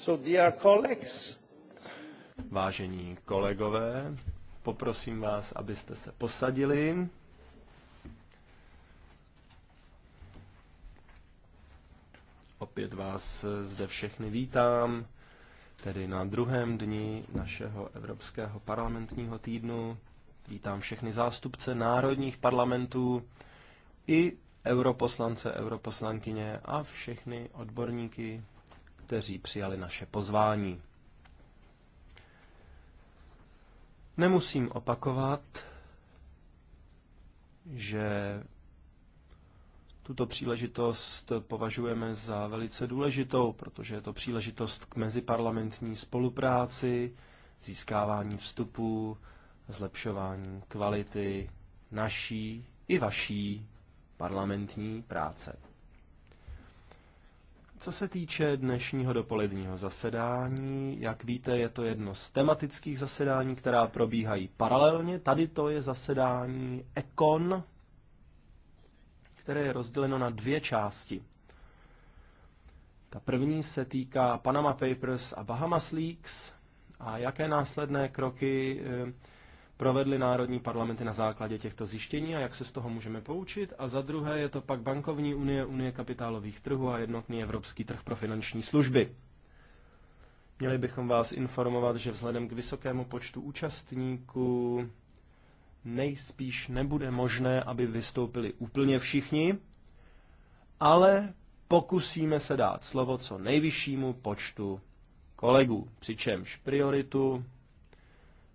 So, dear colleagues. Vážení kolegové, poprosím vás, abyste se posadili. Opět vás zde všechny vítám, tedy na druhém dni našeho Evropského parlamentního týdnu. Vítám všechny zástupce národních parlamentů i europoslance, europoslankyně a všechny odborníky, kteří přijali naše pozvání. Nemusím opakovat, že tuto příležitost považujeme za velice důležitou, protože je to příležitost k meziparlamentní spolupráci, získávání vstupů, zlepšování kvality naší i vaší parlamentní práce. Co se týče dnešního dopoledního zasedání, jak víte, je to jedno z tematických zasedání, která probíhají paralelně. Tady to je zasedání Econ, které je rozděleno na dvě části. Ta první se týká Panama Papers a Bahamas Leaks a jaké následné kroky eh, provedly národní parlamenty na základě těchto zjištění a jak se z toho můžeme poučit. A za druhé je to pak bankovní unie, unie kapitálových trhů a jednotný evropský trh pro finanční služby. Měli bychom vás informovat, že vzhledem k vysokému počtu účastníků nejspíš nebude možné, aby vystoupili úplně všichni, ale pokusíme se dát slovo co nejvyššímu počtu kolegů, přičemž prioritu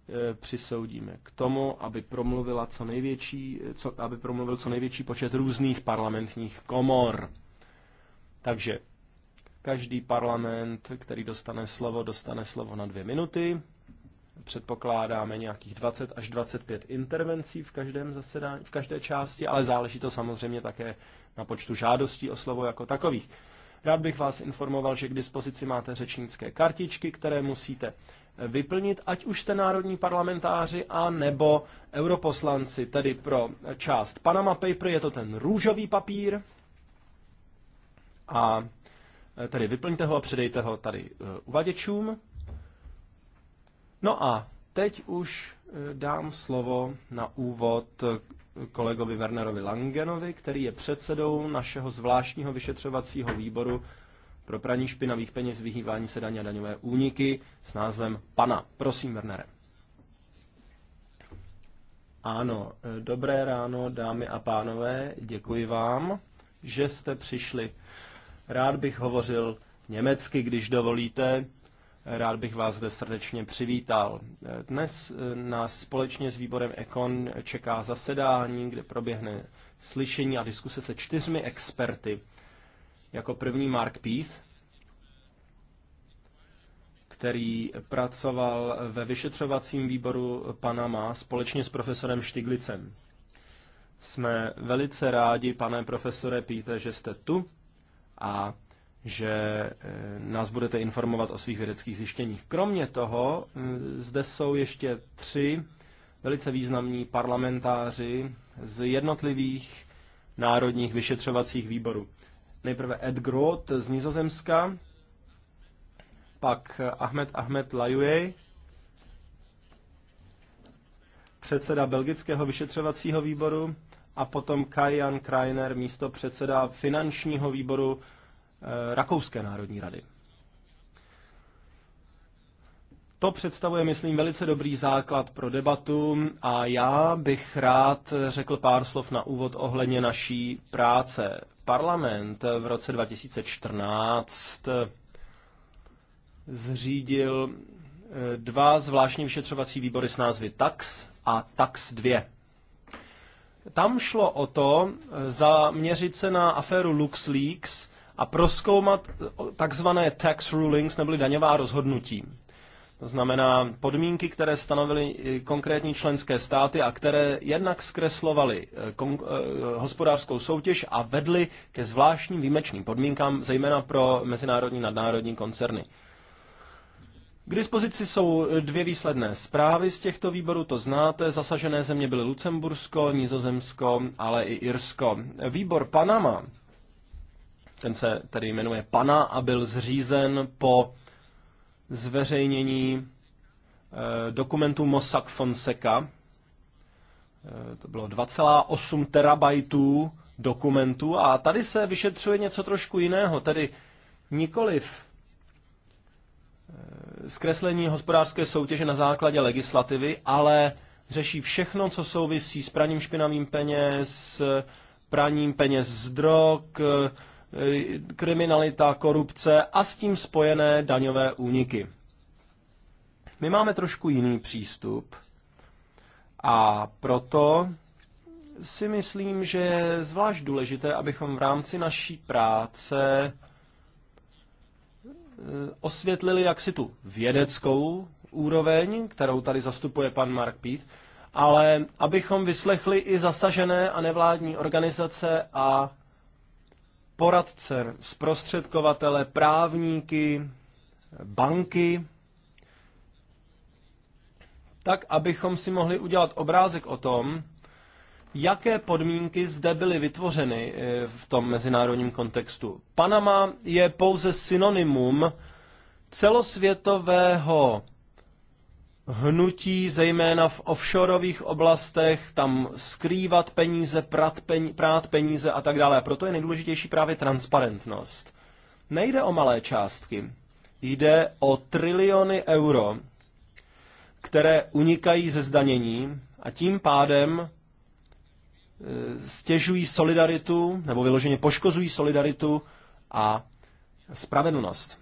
E, přisoudíme k tomu, aby, promluvila co největší, e, co, aby promluvil co největší počet různých parlamentních komor. Takže každý parlament, který dostane slovo, dostane slovo na dvě minuty. Předpokládáme nějakých 20 až 25 intervencí v, každém zasedání, v každé části, ale záleží to samozřejmě také na počtu žádostí o slovo jako takových. Rád bych vás informoval, že k dispozici máte řečnické kartičky, které musíte vyplnit, ať už jste národní parlamentáři a nebo europoslanci, tedy pro část Panama Paper je to ten růžový papír a eh, tedy vyplňte ho a předejte ho tady eh, uvaděčům. No a teď už eh, dám slovo na úvod kolegovi Wernerovi Langenovi, který je předsedou našeho zvláštního vyšetřovacího výboru pro praní špinavých peněz, vyhývání se daně a daňové úniky s názvem PANA. Prosím, Wernere. Ano, e, dobré ráno, dámy a pánové, děkuji vám, že jste přišli. Rád bych hovořil německy, když dovolíte. Rád bych vás zde srdečně přivítal. E, dnes e, nás společně s výborem Ekon čeká zasedání, kde proběhne slyšení a diskuse se čtyřmi experty jako první Mark Peace, který pracoval ve vyšetřovacím výboru Panama společně s profesorem Štiglicem. Jsme velice rádi, pane profesore Píte, že jste tu a že eh, nás budete informovat o svých vědeckých zjištěních. Kromě toho, eh, zde jsou ještě tři velice významní parlamentáři z jednotlivých národních vyšetřovacích výborů. Nejprve Ed Groth z Nizozemska, pak Ahmed Ahmed Lajuej, předseda belgického vyšetřovacího výboru a potom Kajan Kreiner, místo předseda finančního výboru eh, Rakouské národní rady. To představuje, myslím, velice dobrý základ pro debatu a já bych rád řekl pár slov na úvod ohledně naší práce. Parlament v roce 2014 eh, zřídil eh, dva zvláštní vyšetřovací výbory s názvy TAX a TAX 2. Tam šlo o to eh, zaměřit se na aféru LuxLeaks a proskoumat takzvané tax rulings neboli daňová rozhodnutí. To znamená podmínky, které stanovily eh, konkrétní členské státy a které jednak zkreslovaly eh, eh, hospodářskou soutěž a vedly ke zvláštním výjimečným podmínkám, zejména pro mezinárodní nadnárodní koncerny. K dispozici jsou dvě výsledné zprávy z těchto výborů, to znáte. Zasažené země byly Lucembursko, Nizozemsko, ale i Irsko. Výbor Panama, ten se tedy jmenuje Pana a byl zřízen po zveřejnění eh, dokumentu Mossack Fonseca. Eh, to bylo 2,8 terabajtů dokumentů a tady se vyšetřuje něco trošku jiného, tedy nikoliv eh, zkreslení hospodářské soutěže na základě legislativy, ale řeší všechno, co souvisí s praním špinavým peněz, praním peněz z drog, Eh, kriminalita, korupce a s tím spojené daňové úniky. My máme trošku jiný přístup a proto si myslím, že je zvlášť důležité, abychom v rámci naší práce eh, osvětlili jaksi tu vědeckou úroveň, kterou tady zastupuje pan Mark Pít, ale abychom vyslechli i zasažené a nevládní organizace a poradce, zprostředkovatele, právníky, banky, tak abychom si mohli udělat obrázek o tom, jaké podmínky zde byly vytvořeny eh, v tom mezinárodním kontextu. Panama je pouze synonymum celosvětového hnutí, zejména v offshoreových oblastech, tam skrývat peníze, prat peníze, prát peníze a tak dále. Proto je nejdůležitější právě transparentnost. Nejde o malé částky, jde o triliony euro, které unikají ze zdanění a tím pádem e, stěžují solidaritu, nebo vyloženě poškozují solidaritu a spravedlnost.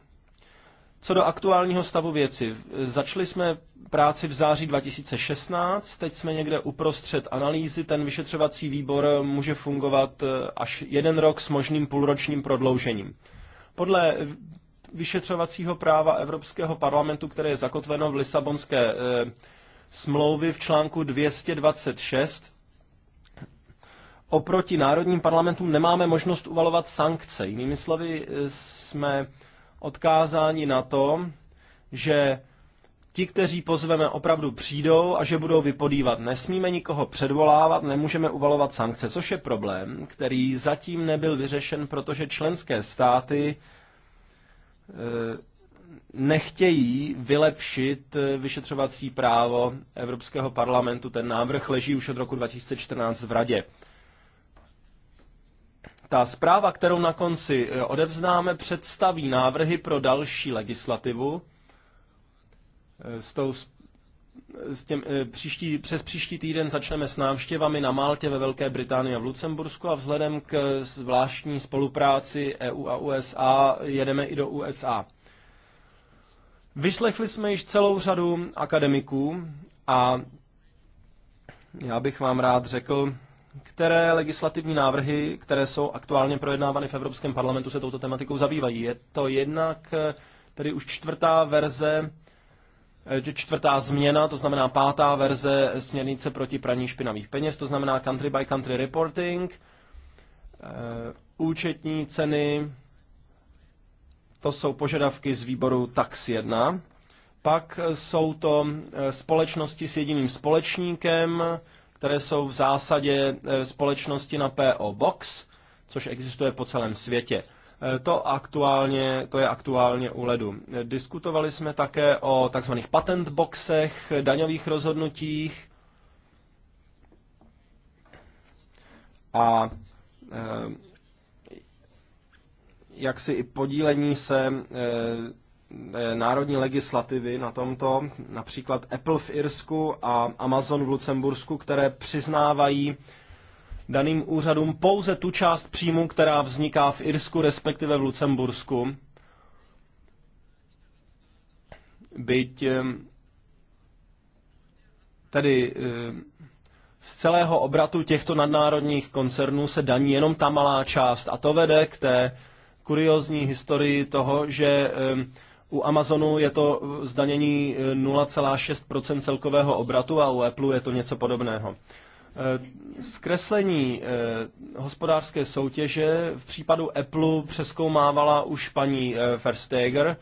Co do aktuálního stavu věci, začali jsme práci v září 2016, teď jsme někde uprostřed analýzy, ten vyšetřovací výbor může fungovat eh, až jeden rok s možným půlročním prodloužením. Podle vyšetřovacího práva Evropského parlamentu, které je zakotveno v Lisabonské e, eh, smlouvy v článku 226, oproti národním parlamentům nemáme možnost uvalovat sankce. Jinými slovy eh, jsme odkázáni na to, že ti, kteří pozveme, opravdu přijdou a že budou vypodívat. Nesmíme nikoho předvolávat, nemůžeme uvalovat sankce, což je problém, který zatím nebyl vyřešen, protože členské státy e, nechtějí vylepšit e, vyšetřovací právo Evropského parlamentu. Ten návrh leží už od roku 2014 v Radě. Ta zpráva, kterou na konci eh, odevznáme, představí návrhy pro další legislativu. Eh, s tou, s těm, eh, příští, přes příští týden začneme s návštěvami na Maltě ve Velké Británii a v Lucembursku a vzhledem k zvláštní spolupráci EU a USA jedeme i do USA. Vyslechli jsme již celou řadu akademiků a já bych vám rád řekl, které legislativní návrhy, které jsou aktuálně projednávány v Evropském parlamentu, se touto tematikou zabývají. Je to jednak eh, tedy už čtvrtá verze, eh, čtvrtá změna, to znamená pátá verze směrnice proti praní špinavých peněz, to znamená country by country reporting, eh, účetní ceny, to jsou požadavky z výboru TAX 1. Pak jsou to společnosti s jediným společníkem, které jsou v zásadě e, společnosti na PO Box, což existuje po celém světě. E, to, aktuálně, to je aktuálně u ledu. E, diskutovali jsme také o takzvaných boxech, daňových rozhodnutích a jak si i podílení se Eh, národní legislativy na tomto, například Apple v Irsku a Amazon v Lucembursku, které přiznávají daným úřadům pouze tu část příjmu, která vzniká v Irsku, respektive v Lucembursku. Byť eh, tedy eh, z celého obratu těchto nadnárodních koncernů se daní jenom ta malá část. A to vede k té kuriozní historii toho, že u Amazonu je to eh, zdanění 0,6 eh, celkového obratu a u Apple je to něco podobného. Eh, zkreslení hospodářské soutěže v případu Apple přeskoumávala už paní Verstager.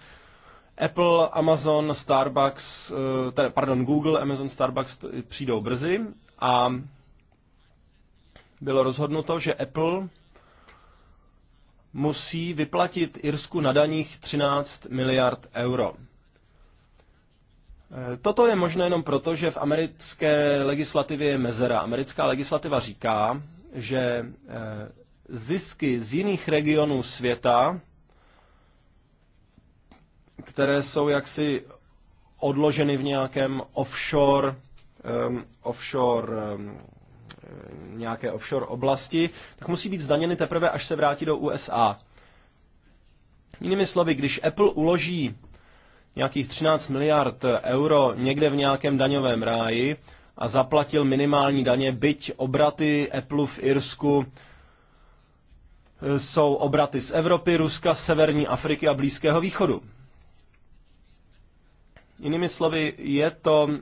Apple, Amazon, Starbucks, pardon, Google, Amazon, Starbucks přijdou brzy a bylo rozhodnuto, že Apple musí vyplatit Irsku na daních 13 miliard euro. E, toto je možné jenom proto, že v americké legislativě je mezera. Americká legislativa říká, že e, zisky z jiných regionů světa, které jsou jaksi odloženy v nějakém offshore, um, offshore um, Eh, nějaké offshore oblasti, tak musí být zdaněny teprve, až se vrátí do USA. Jinými slovy, když Apple uloží nějakých 13 miliard euro někde v nějakém daňovém ráji a zaplatil minimální daně, byť obraty Apple v Irsku eh, jsou obraty z Evropy, Ruska, Severní Afriky a Blízkého východu. Jinými slovy, je to eh,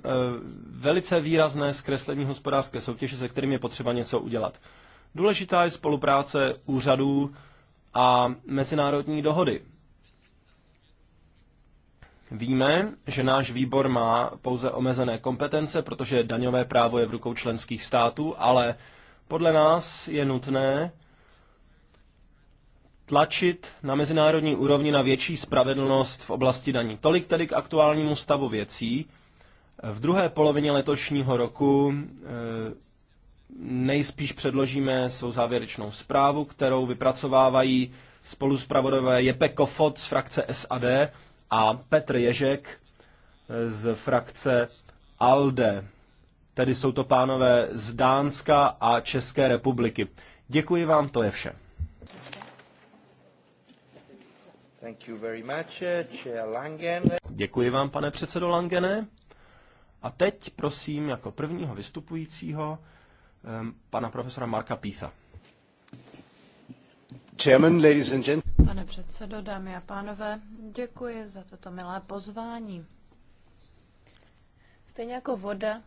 velice výrazné zkreslení hospodářské soutěže, se kterým je potřeba něco udělat. Důležitá je spolupráce úřadů a mezinárodní dohody. Víme, že náš výbor má pouze omezené kompetence, protože daňové právo je v rukou členských států, ale podle nás je nutné, tlačit na mezinárodní úrovni na větší spravedlnost v oblasti daní. Tolik tedy k aktuálnímu stavu věcí. V druhé polovině letošního roku eh, nejspíš předložíme svou závěrečnou zprávu, kterou vypracovávají spolu zpravodové Jepe Kofot z frakce SAD a Petr Ježek eh, z frakce ALDE. Tedy jsou to pánové z Dánska a České republiky. Děkuji vám, to je vše. Eh, děkuji vám, pane předsedo Langene. A teď prosím jako prvního vystupujícího ehm, pana profesora Marka Písa. Chairman, ladies and gentlemen. Pane předsedo, dámy a pánové, děkuji za toto milé pozvání. Stejně jako voda,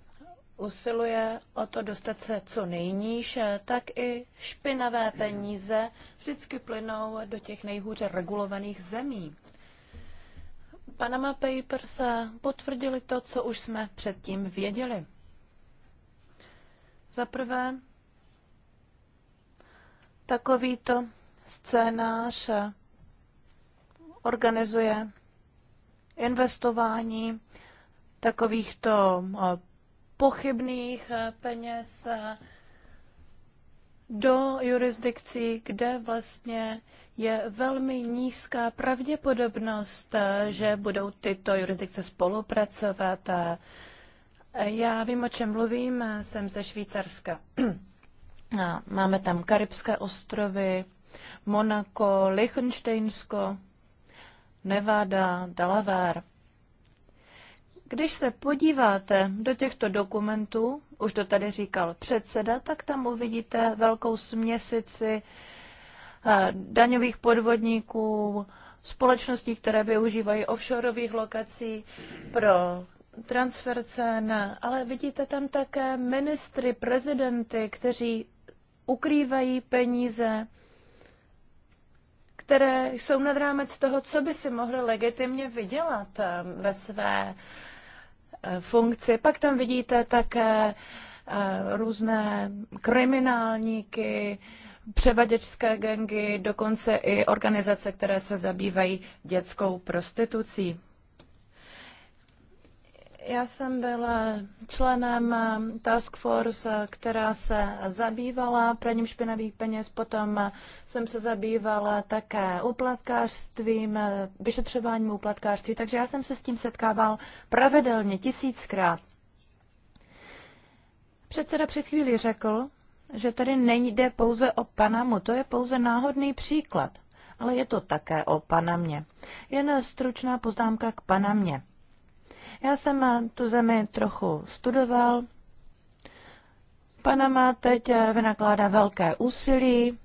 usiluje o to dostat se co nejníž, tak i špinavé peníze vždycky plynou do těch nejhůře regulovaných zemí. Panama Papers potvrdili to, co už jsme předtím věděli. Za prvé, takovýto scénář organizuje investování takovýchto pochybných eh, peněz eh, do jurisdikcí, kde vlastně je velmi nízká pravděpodobnost, eh, že budou tyto jurisdikce spolupracovat. Já vím, o čem mluvím, jsem ze Švýcarska. Máme tam Karibské ostrovy, Monako, Liechtensteinsko, Nevada, Delaware. Když se podíváte do těchto dokumentů, už to tady říkal předseda, tak tam uvidíte velkou směsici eh, daňových podvodníků, společností, které využívají offshoreových lokací pro transfer cen, ale vidíte tam také ministry, prezidenty, kteří ukrývají peníze, které jsou nad rámec toho, co by si mohli legitimně vydělat eh, ve své funkci. Pak tam vidíte také eh, různé kriminálníky, převaděčské gengy, dokonce i organizace, které se zabývají dětskou prostitucí. Já jsem byl členem eh, task force, eh, která se zabývala praním špinavých peněz, potom eh, jsem se zabývala také úplatkářstvím. vyšetřováním úplatkářství. takže já jsem se s tím setkával pravidelně tisíckrát. Předseda před chvíli řekl, že tady nejde pouze o Panamu, to je pouze náhodný příklad, ale je to také o Panamě. Jen stručná poznámka k Panamě. Já jsem eh, tu zemi trochu studoval. Panama teď eh, vynakládá velké úsilí,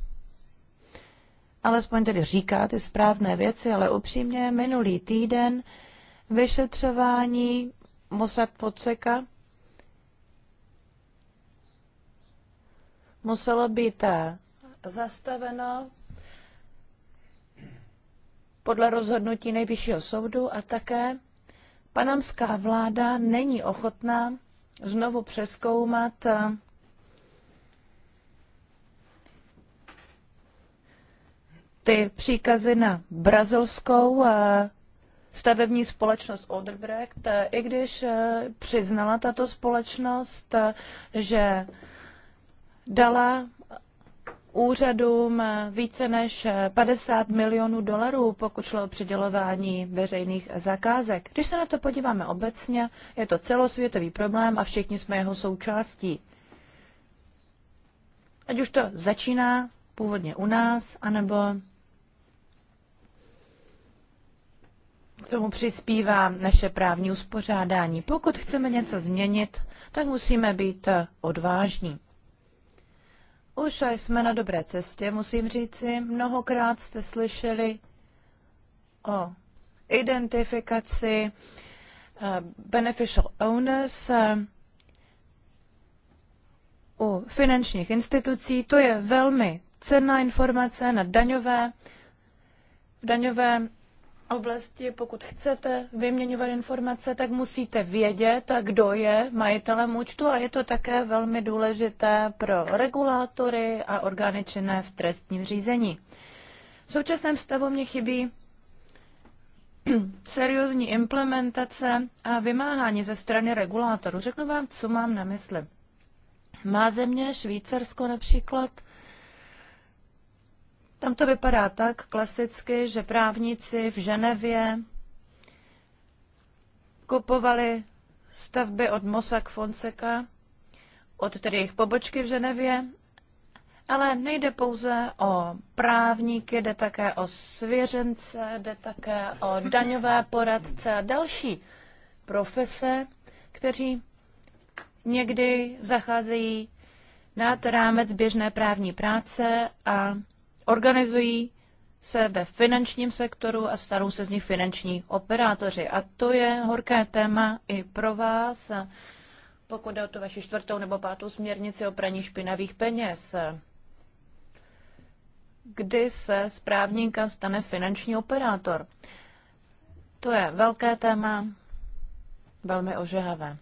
alespoň tedy říká ty správné věci, ale upřímně minulý týden vyšetřování Mossad Podseka muselo být eh, zastaveno podle rozhodnutí nejvyššího soudu a také panamská vláda není ochotná znovu přeskoumat eh, ty příkazy na brazilskou eh, stavební společnost Odebrecht, eh, i když přiznala tato společnost, že dala úřadům více než 50 milionů dolarů, pokud šlo o přidělování veřejných zakázek. Když se na to podíváme obecně, je to celosvětový problém a všichni jsme jeho součástí. Ať už to začíná původně u nás, anebo K tomu přispívá naše právní uspořádání. Pokud chceme něco změnit, tak musíme být odvážní. Už jsme na dobré cestě, musím říci. Mnohokrát jste slyšeli o identifikaci eh, beneficial owners eh, u finančních institucí. To je velmi cenná informace na daňové, v daňovém oblasti, pokud chcete vyměňovat informace, tak musíte vědět, kdo je majitelem účtu a je to také velmi důležité pro regulátory a orgány činné v trestním řízení. V současném stavu mě chybí seriózní implementace a vymáhání ze strany regulátorů. Řeknu vám, co mám na mysli. Má země, Švýcarsko například, tam to vypadá tak klasicky, že právníci v Ženevě kupovali stavby od Mossack Fonseca, od tedy jejich pobočky v Ženevě, ale nejde pouze o právníky, jde také o svěřence, jde také o daňové poradce a další profese, kteří někdy zacházejí nad rámec běžné právní práce a organizují se ve finančním sektoru a starou se z nich finanční operátoři. A to je horké téma i pro vás, pokud jde o tu vaši čtvrtou nebo pátou směrnici o praní špinavých peněz. Kdy se z právníka stane finanční operátor? To je velké téma, velmi ožehavé.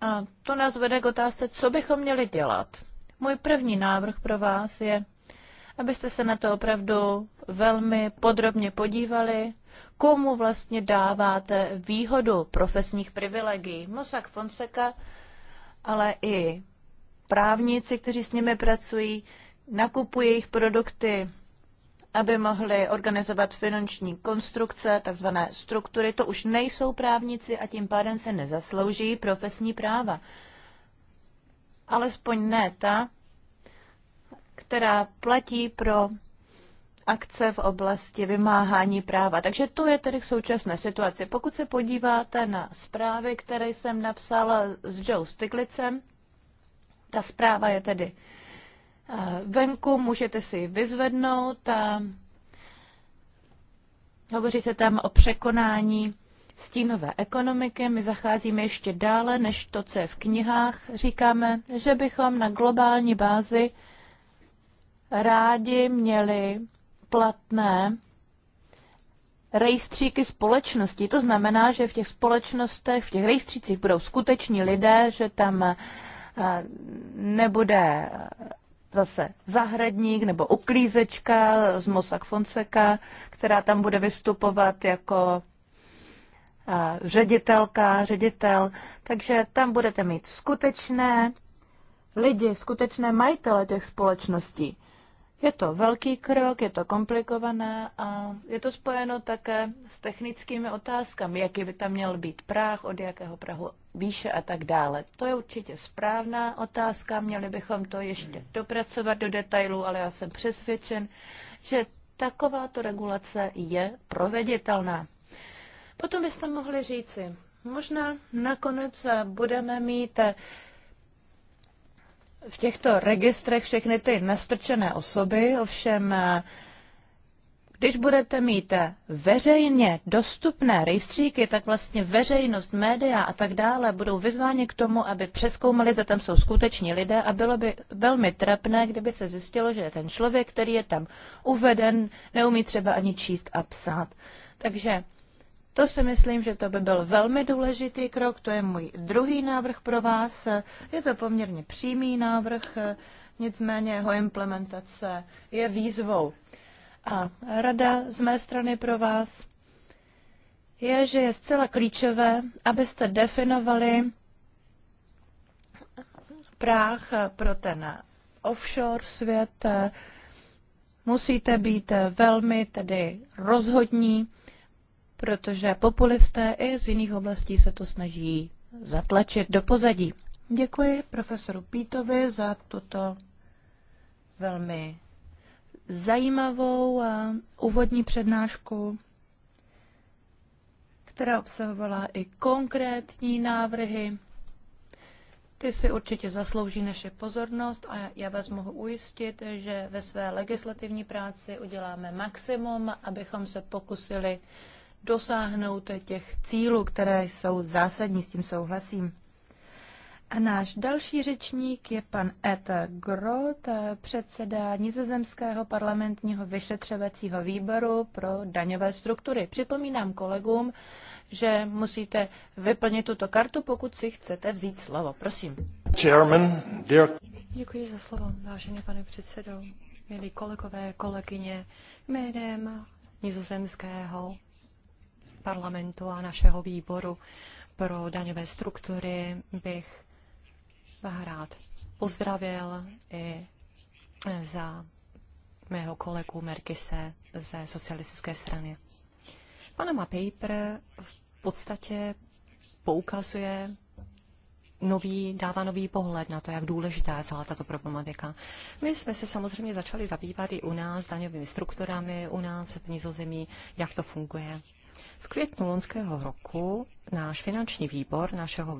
A to nás vede k otázce, co bychom měli dělat můj první návrh pro vás je, abyste se na to opravdu velmi podrobně podívali, komu vlastně dáváte výhodu profesních privilegií. Mosak Fonseca, ale i právníci, kteří s nimi pracují, nakupují jejich produkty, aby mohli organizovat finanční konstrukce, takzvané struktury. To už nejsou právníci a tím pádem se nezaslouží profesní práva alespoň ne ta, která platí pro akce v oblasti vymáhání práva. Takže to je tedy v současné situaci. Pokud se podíváte na zprávy, které jsem napsala s Joe Stiglicem, ta zpráva je tedy eh, venku, můžete si ji vyzvednout. A hovoří se tam o překonání stínové ekonomiky. My zacházíme ještě dále než to, co je v knihách. Říkáme, že bychom na globální bázi rádi měli platné rejstříky společností. To znamená, že v těch společnostech, v těch rejstřících budou skuteční lidé, že tam eh, nebude eh, zase zahradník nebo uklízečka z Mossack Fonseca, která tam bude vystupovat jako ředitelka, ředitel, takže tam budete mít skutečné lidi, skutečné majitele těch společností. Je to velký krok, je to komplikované a je to spojeno také s technickými otázkami, jaký by tam měl být práh, od jakého prahu výše a tak dále. To je určitě správná otázka, měli bychom to ještě dopracovat do detailů, ale já jsem přesvědčen, že takováto regulace je proveditelná. Potom byste mohli říci, možná nakonec budeme mít v těchto registrech všechny ty nastrčené osoby, ovšem když budete mít veřejně dostupné rejstříky, tak vlastně veřejnost, média a tak dále budou vyzváni k tomu, aby přeskoumali, zda tam jsou skuteční lidé a bylo by velmi trapné, kdyby se zjistilo, že ten člověk, který je tam uveden, neumí třeba ani číst a psát. Takže to si myslím, že to by byl velmi důležitý krok, to je můj druhý návrh pro vás. Je to poměrně přímý návrh, nicméně jeho implementace je výzvou. A rada z mé strany pro vás je, že je zcela klíčové, abyste definovali práh pro ten offshore svět. Musíte být velmi tedy rozhodní protože populisté i z jiných oblastí se to snaží zatlačit do pozadí. Děkuji profesoru Pítovi za tuto velmi zajímavou úvodní přednášku, která obsahovala i konkrétní návrhy. Ty si určitě zaslouží naše pozornost a já vás mohu ujistit, že ve své legislativní práci uděláme maximum, abychom se pokusili uh, dosáhnout těch cílů, které jsou zásadní, s tím souhlasím. A náš další řečník je pan Ed Grot, předseda nizozemského parlamentního vyšetřovacího výboru pro daňové struktury. Připomínám kolegům, že musíte vyplnit tuto kartu, pokud si chcete vzít slovo. Prosím. Chairman, dear... Děkuji za slovo, vážený pane předsedo, milí kolegové, kolegyně, jménem nizozemského parlamentu a našeho výboru pro daňové struktury bych rád pozdravil i za mého kolegu Merkise ze socialistické strany. Panama Paper v podstatě poukazuje nový, dává nový pohled na to, jak důležitá je celá tato problematika. My jsme se samozřejmě začali zabývat i u nás daňovými strukturami, u nás v Nizozemí, jak to funguje. V květnu loňského roku náš finanční výbor našeho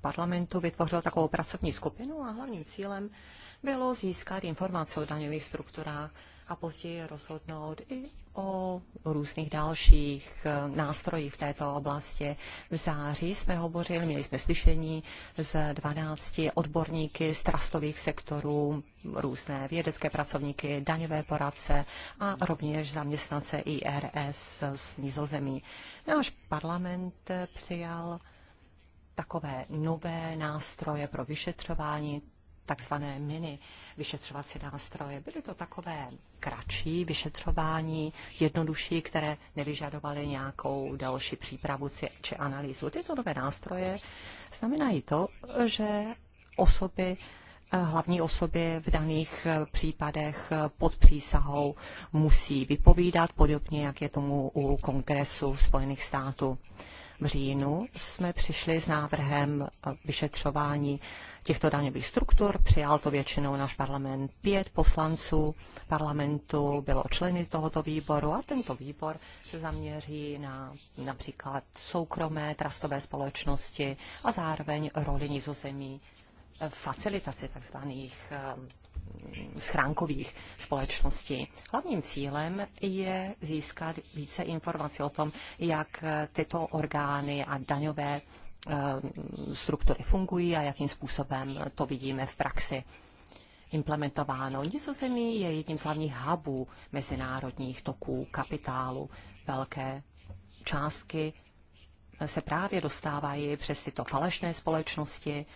parlamentu vytvořil takovou pracovní skupinu a hlavním cílem bylo získat informace o daňových strukturách a později rozhodnout i o různých dalších eh, nástrojích v této oblasti. V září jsme hovořili, měli jsme slyšení z 12 odborníky z trastových sektorů, různé vědecké pracovníky, daňové poradce a rovněž zaměstnance IRS z nizozemí. Náš parlament eh, přijal takové nové nástroje pro vyšetřování takzvané mini vyšetřovací nástroje. Byly to takové kratší vyšetřování, jednodušší, které nevyžadovaly nějakou další přípravu či analýzu. Tyto nové nástroje znamenají to, že osoby eh, hlavní osoby v daných eh, případech eh, pod přísahou musí vypovídat, podobně jak je tomu u Kongresu Spojených států. V říjnu jsme přišli s návrhem vyšetřování těchto daňových struktur. Přijal to většinou náš parlament. Pět poslanců parlamentu bylo členy tohoto výboru a tento výbor se zaměří na například soukromé trastové společnosti a zároveň roli nizozemí facilitaci tzv. Eh, schránkových společností. Hlavním cílem je získat více informací o tom, jak eh, tyto orgány a daňové Eh, struktury fungují a jakým způsobem to vidíme v praxi implementováno. Nizozemí je jedním z hlavních hubů mezinárodních toků kapitálu. Velké částky se právě dostávají přes tyto falešné společnosti,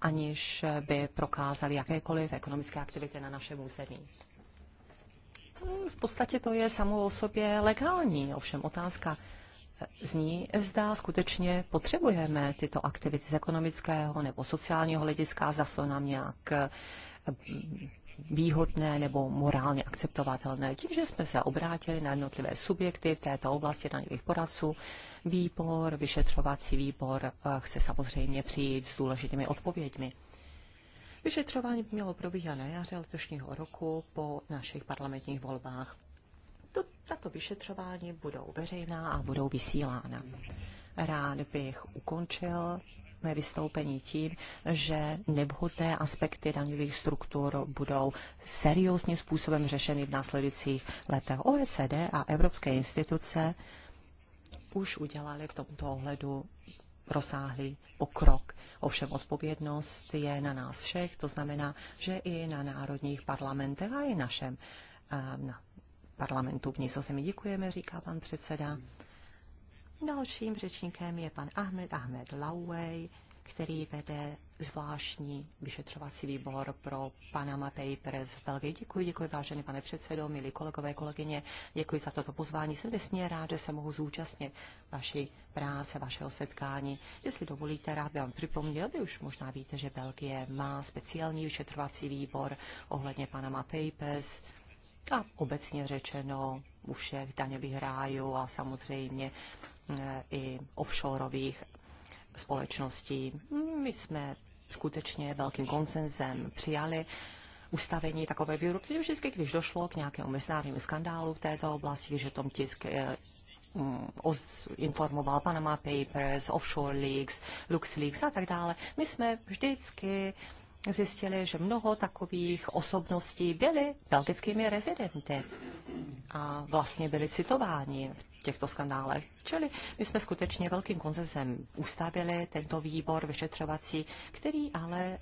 aniž by prokázali jakékoliv ekonomické aktivity na našem území. V podstatě to je samo o sobě legální, ovšem otázka zní, zda skutečně potřebujeme tyto aktivity z ekonomického nebo sociálního hlediska, zda jsou nám nějak eh, výhodné nebo morálně akceptovatelné. Tím, že jsme se obrátili na jednotlivé subjekty v této oblasti daňových poradců, výbor, vyšetřovací výbor eh, chce samozřejmě přijít s důležitými odpověďmi. Vyšetřování mělo probíhat na jaře letošního roku po našich parlamentních volbách to, tato vyšetřování budou veřejná a budou vysílána. Rád bych ukončil mé vystoupení tím, že nevhodné aspekty daňových struktur budou seriózně způsobem řešeny v následujících letech. OECD a evropské instituce už udělali v tomto ohledu rozsáhlý pokrok. Ovšem odpovědnost je na nás všech, to znamená, že i na národních parlamentech a i našem, eh, na parlamentu v Nizozemí. Děkujeme, říká pan předseda. Dalším řečníkem je pan Ahmed Ahmed Lauwej, který vede zvláštní vyšetřovací výbor pro Panama Papers v Belgii. Děkuji, děkuji vážený pane předsedo, milí kolegové, kolegyně, děkuji za toto pozvání. Jsem nesmírně rád, že se mohu zúčastnit vaší práce, vašeho setkání. Jestli dovolíte, rád bych vám připomněl, vy už možná víte, že Belgie má speciální vyšetřovací výbor ohledně Panama Papers a obecně řečeno u všech daňových rájů a samozřejmě eh, i offshoreových společností. My jsme skutečně velkým konsenzem přijali ustavení takové výroby, protože vždycky, když došlo k nějakému mezinárodnímu skandálu v této oblasti, že tom tisk eh, mm, informoval Panama Papers, Offshore Leaks, Lux Leaks a tak dále. My jsme vždycky zjistili, že mnoho takových osobností byly belgickými rezidenty a vlastně byli citováni v těchto skandálech. Čili my jsme skutečně velkým konzezem ustavili tento výbor vyšetřovací, který ale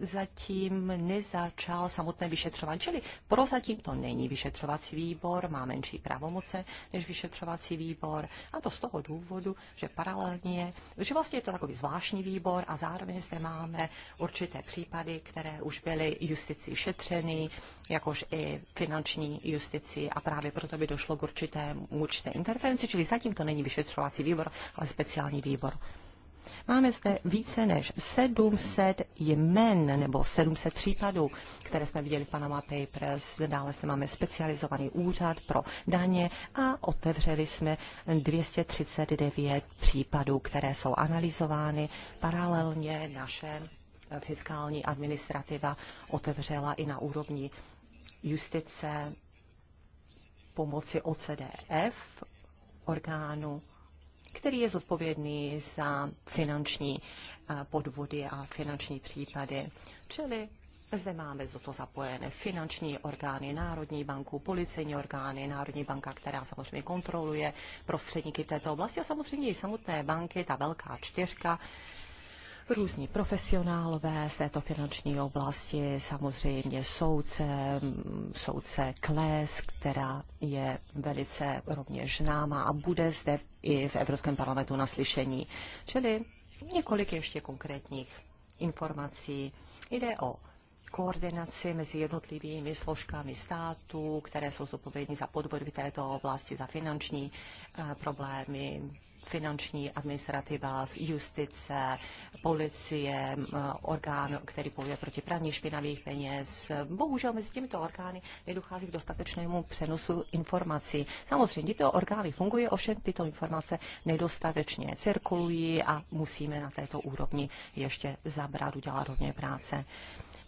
zatím nezačal samotné vyšetřování. Čili prozatím to není vyšetřovací výbor, má menší pravomoce než vyšetřovací výbor. A to z toho důvodu, že paralelně, že vlastně je to takový zvláštní výbor a zároveň zde máme určité případy, které už byly justici šetřeny, jakož i finanční justici a právě proto by došlo k určité, určité intervenci, čili zatím to není vyšetřovací výbor, ale speciální výbor. Máme zde více než 700 jmen nebo 700 případů, které jsme viděli v Panama Papers. Dále se máme specializovaný úřad pro daně a otevřeli jsme 239 případů, které jsou analyzovány. Paralelně naše fiskální administrativa otevřela i na úrovni justice pomoci OCDF orgánu který je zodpovědný za finanční eh, podvody a finanční případy. Čili zde máme do toho zapojené finanční orgány, Národní banku, policejní orgány, Národní banka, která samozřejmě kontroluje prostředníky této oblasti a samozřejmě i samotné banky, ta velká čtyřka, různí profesionálové z této finanční oblasti, samozřejmě soudce, mm, soudce Kles, která je velice rovněž známá a bude zde i v Evropském parlamentu na slyšení. Čili několik ještě konkrétních informací. Jde o koordinaci mezi jednotlivými složkami státu, které jsou zodpovědní za podbory v této oblasti, za finanční eh, problémy, finanční administrativa, justice, policie, orgán, který bojuje proti praní špinavých peněz. Bohužel mezi těmito orgány nedochází k dostatečnému přenosu informací. Samozřejmě tyto orgány fungují, ovšem tyto informace nedostatečně cirkulují a musíme na této úrovni ještě zabrat, udělat hodně práce.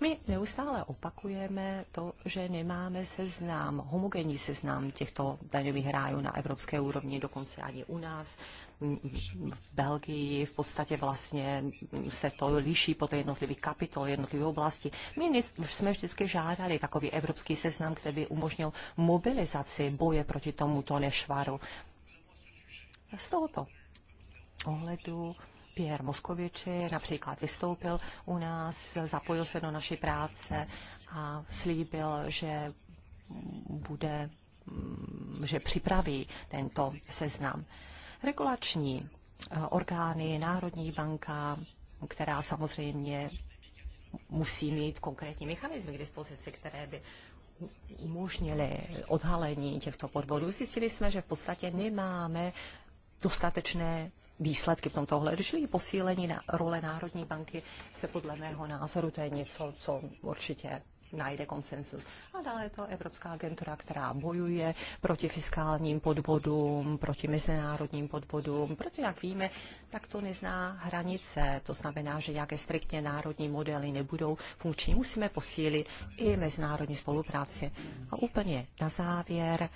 My neustále opakujeme to, že nemáme seznám, homogenní seznám těchto daňových rájů na evropské úrovni, dokonce ani u nás v Belgii v podstatě vlastně se to liší po té jednotlivých kapitol, jednotlivé oblasti. My jsme vždycky žádali takový evropský seznam, který by umožnil mobilizaci boje proti tomuto nešvaru. Z tohoto ohledu Pierre Moskoviči například vystoupil u nás, zapojil se do naší práce a slíbil, že bude, že připraví tento seznam regulační eh, orgány, Národní banka, která samozřejmě musí mít konkrétní mechanizmy k dispozici, které by umožnili odhalení těchto podvodů. Zjistili jsme, že v podstatě nemáme dostatečné výsledky v tomto ohledu, čili posílení na role Národní banky se podle mého názoru to je něco, co určitě najde konsensus. A dále je to Evropská agentura, která bojuje proti fiskálním podvodům, proti mezinárodním podvodům, proto jak víme, tak to nezná hranice. To znamená, že nějaké striktně národní modely nebudou funkční. Musíme posílit i mezinárodní spolupráci. A úplně na závěr,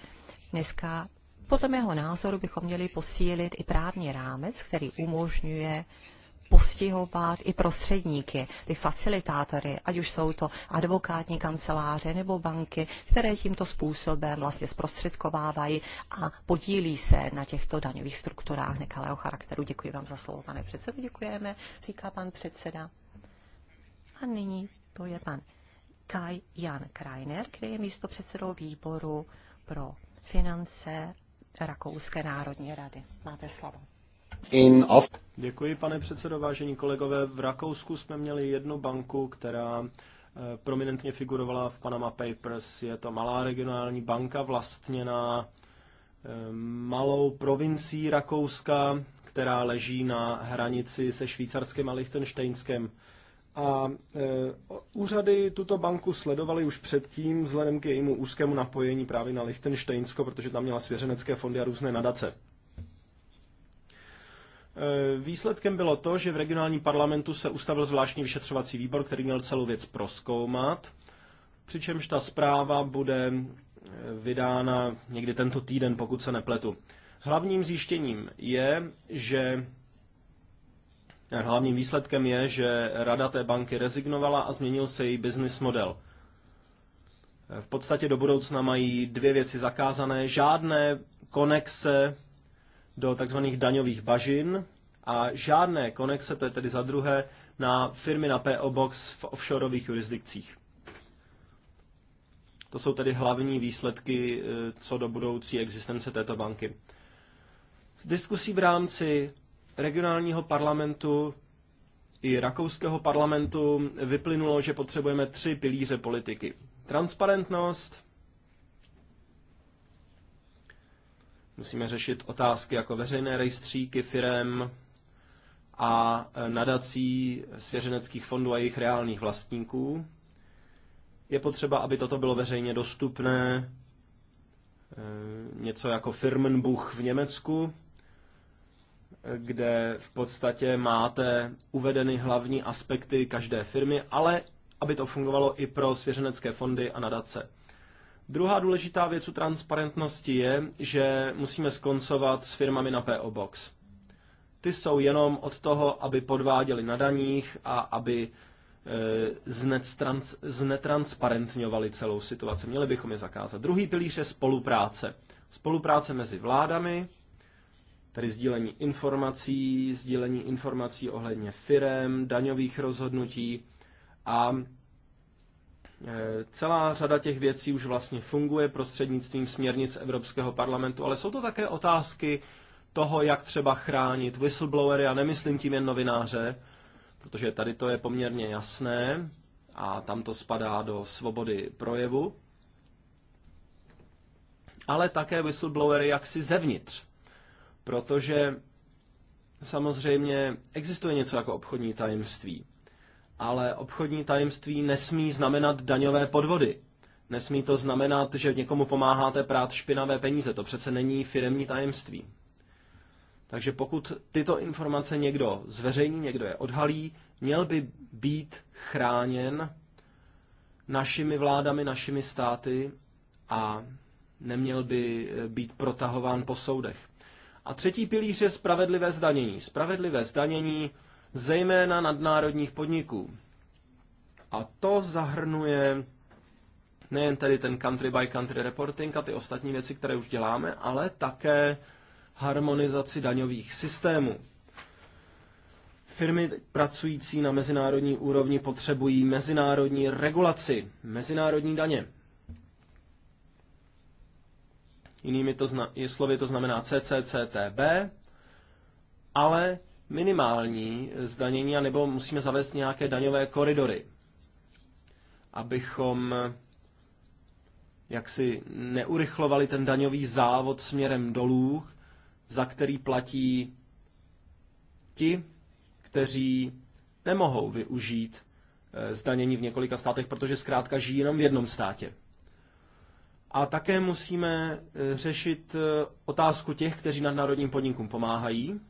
dneska podle mého názoru bychom měli posílit i právní rámec, který umožňuje postihovat i prostředníky, ty facilitátory, ať už jsou to advokátní kanceláře nebo banky, které tímto způsobem vlastně zprostředkovávají a podílí se na těchto daňových strukturách nekalého charakteru. Děkuji vám za slovo, pane předsedu. Děkujeme, říká pan předseda. A nyní to je pan Kai Jan Kreiner, který je místo předsedou výboru pro finance Rakouské národní rady. Máte slovo. In Děkuji, pane předsedo, vážení kolegové. V Rakousku jsme měli jednu banku, která eh, prominentně figurovala v Panama Papers. Je to malá regionální banka vlastněná eh, malou provincií Rakouska, která leží na hranici se švýcarským a Lichtensteinskem. A e, úřady tuto banku sledovaly už předtím vzhledem k jejímu úzkému napojení právě na Lichtensteinsko, protože tam měla svěřenecké fondy a různé nadace. Eh, výsledkem bylo to, že v regionálním parlamentu se ustavil zvláštní vyšetřovací výbor, který měl celou věc proskoumat, přičemž ta zpráva bude eh, vydána někdy tento týden, pokud se nepletu. Hlavním zjištěním je, že eh, hlavním výsledkem je, že rada té banky rezignovala a změnil se její business model. V podstatě do budoucna mají dvě věci zakázané, žádné konexe do tzv. daňových bažin a žádné konexe, to je tedy za druhé, na firmy na PO Box v offshoreových jurisdikcích. To jsou tedy hlavní výsledky e, co do budoucí existence této banky. Z diskusí v rámci regionálního parlamentu i rakouského parlamentu vyplynulo, že potřebujeme tři pilíře politiky. Transparentnost, Musíme řešit otázky jako veřejné rejstříky firem a e, nadací svěřeneckých fondů a jejich reálných vlastníků. Je potřeba, aby toto bylo veřejně dostupné, e, něco jako Firmenbuch v Německu, e, kde v podstatě máte uvedeny hlavní aspekty každé firmy, ale aby to fungovalo i pro svěřenecké fondy a nadace. Druhá důležitá věc u transparentnosti je, že musíme skoncovat s firmami na PO Box. Ty jsou jenom od toho, aby podváděli na daních a aby e, znetransparentňovali celou situaci. Měli bychom je zakázat. Druhý pilíř je spolupráce. Spolupráce mezi vládami, tedy sdílení informací, sdílení informací ohledně firem, daňových rozhodnutí a Eh, celá řada těch věcí už vlastně funguje prostřednictvím směrnic Evropského parlamentu, ale jsou to také otázky toho, jak třeba chránit whistleblowery, a nemyslím tím jen novináře, protože tady to je poměrně jasné a tam to spadá do svobody projevu, ale také whistleblowery jaksi zevnitř, protože samozřejmě existuje něco jako obchodní tajemství ale obchodní tajemství nesmí znamenat daňové podvody. Nesmí to znamenat, že někomu pomáháte prát špinavé peníze. To přece není firemní tajemství. Takže pokud tyto informace někdo zveřejní, někdo je odhalí, měl by být chráněn našimi vládami, našimi státy a neměl by eh, být protahován po soudech. A třetí pilíř je spravedlivé zdanění. Spravedlivé zdanění zejména nadnárodních podniků. A to zahrnuje nejen tedy ten country by country reporting a ty ostatní věci, které už děláme, ale také harmonizaci daňových systémů. Firmy pracující na mezinárodní úrovni potřebují mezinárodní regulaci, mezinárodní daně. Jinými to zna- slovy to znamená CCCTB, ale minimální zdanění, anebo musíme zavést nějaké daňové koridory, abychom jaksi neurychlovali ten daňový závod směrem dolů, za který platí ti, kteří nemohou využít eh, zdanění v několika státech, protože zkrátka žijí jenom v jednom státě. A také musíme eh, řešit eh, otázku těch, kteří nadnárodním podnikům pomáhají,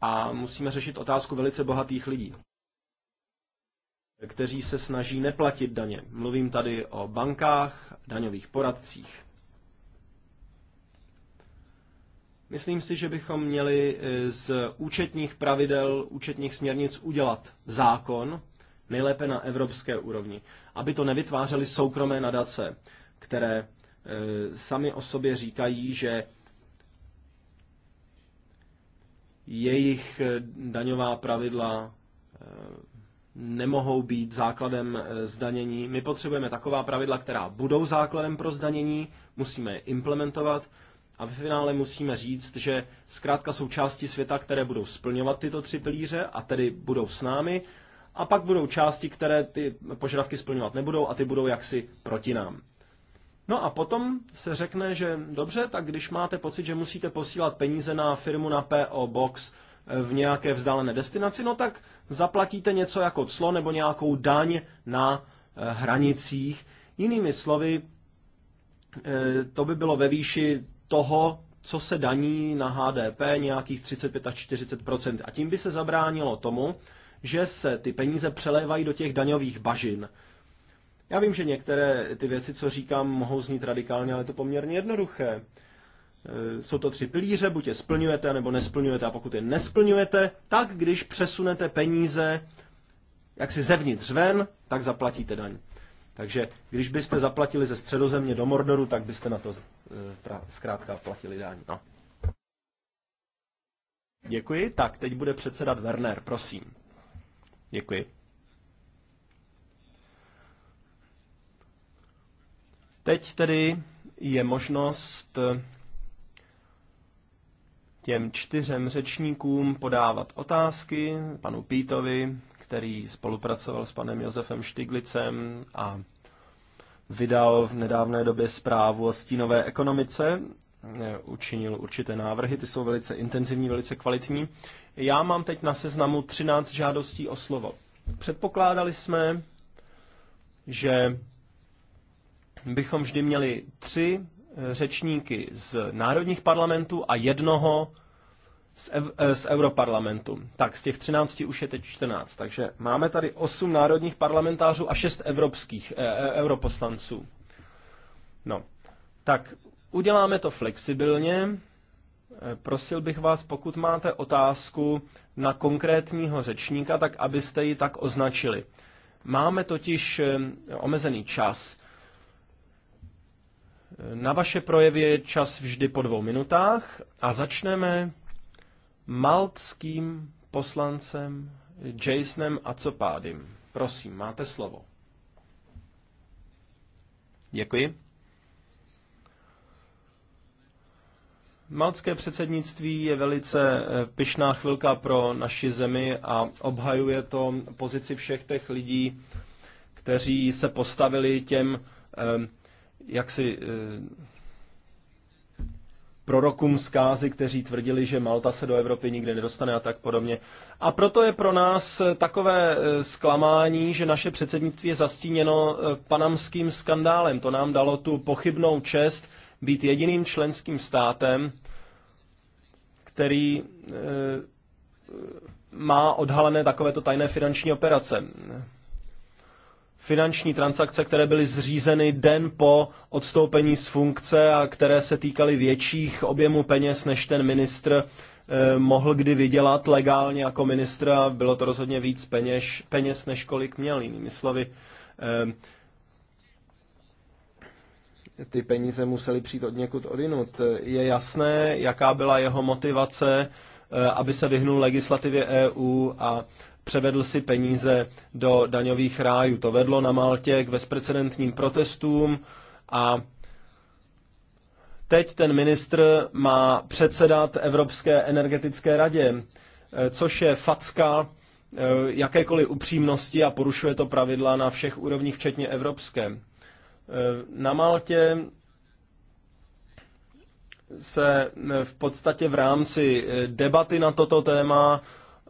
a musíme řešit otázku velice bohatých lidí, kteří se snaží neplatit daně. Mluvím tady o bankách, daňových poradcích. Myslím si, že bychom měli eh, z účetních pravidel, účetních směrnic udělat zákon, nejlépe na evropské úrovni, aby to nevytvářely soukromé nadace, které eh, sami o sobě říkají, že jejich eh, daňová pravidla eh, nemohou být základem eh, zdanění. My potřebujeme taková pravidla, která budou základem pro zdanění, musíme je implementovat a ve finále musíme říct, že zkrátka jsou části světa, které budou splňovat tyto tři pilíře a tedy budou s námi, a pak budou části, které ty požadavky splňovat nebudou a ty budou jaksi proti nám. No a potom se řekne, že dobře, tak když máte pocit, že musíte posílat peníze na firmu na PO Box eh, v nějaké vzdálené destinaci, no tak zaplatíte něco jako clo nebo nějakou daň na eh, hranicích. Jinými slovy, eh, to by bylo ve výši toho, co se daní na HDP, nějakých 35 až 40 A tím by se zabránilo tomu, že se ty peníze přelévají do těch daňových bažin. Já vím, že některé ty věci, co říkám, mohou znít radikálně, ale je to poměrně jednoduché. E, jsou to tři pilíře, buď je splňujete, nebo nesplňujete. A pokud je nesplňujete, tak když přesunete peníze jak si zevnitř ven, tak zaplatíte daň. Takže když byste zaplatili ze středozemě do Mordoru, tak byste na to e, zkrátka platili daň. No. Děkuji. Tak, teď bude předsedat Werner, prosím. Děkuji. Teď tedy je možnost těm čtyřem řečníkům podávat otázky, panu Pítovi, který spolupracoval s panem Josefem Štiglicem a vydal v nedávné době zprávu o stínové ekonomice, učinil určité návrhy, ty jsou velice intenzivní, velice kvalitní. Já mám teď na seznamu 13 žádostí o slovo. Předpokládali jsme, že bychom vždy měli tři eh, řečníky z národních parlamentů a jednoho z, ev- eh, z europarlamentu. Tak z těch 13 už je teď 14. Takže máme tady 8 národních parlamentářů a 6 evropských e, e, europoslanců. No, tak uděláme to flexibilně. Prosil bych vás, pokud máte otázku na konkrétního řečníka, tak abyste ji tak označili. Máme totiž omezený čas. Na vaše projevy je čas vždy po dvou minutách a začneme maltským poslancem Jasonem Acopádym. Prosím, máte slovo. Děkuji. Maltské předsednictví je velice eh, pyšná chvilka pro naši zemi a obhajuje to pozici všech těch lidí, kteří se postavili těm eh, jaksi eh, prorokům zkázy, kteří tvrdili, že Malta se do Evropy nikdy nedostane a tak podobně. A proto je pro nás eh, takové eh, zklamání, že naše předsednictví je zastíněno panamským skandálem. To nám dalo tu pochybnou čest být jediným členským státem, který má odhalené takovéto tajné finanční operace finanční transakce, které byly zřízeny den po odstoupení z funkce a které se týkaly větších objemů peněz, než ten ministr eh, mohl kdy vydělat legálně jako ministr a bylo to rozhodně víc peněž, peněz, než kolik měl, jinými slovy. Eh, ty peníze musely přijít od někud odinut. Je jasné, jaká byla jeho motivace, eh, aby se vyhnul legislativě EU a převedl si peníze do daňových rájů. To vedlo na Maltě k bezprecedentním protestům a teď ten ministr má předsedat Evropské energetické radě, eh, což je facka eh, jakékoliv upřímnosti a porušuje to pravidla na všech úrovních, včetně evropské. Eh, na Maltě se v podstatě v rámci debaty na toto téma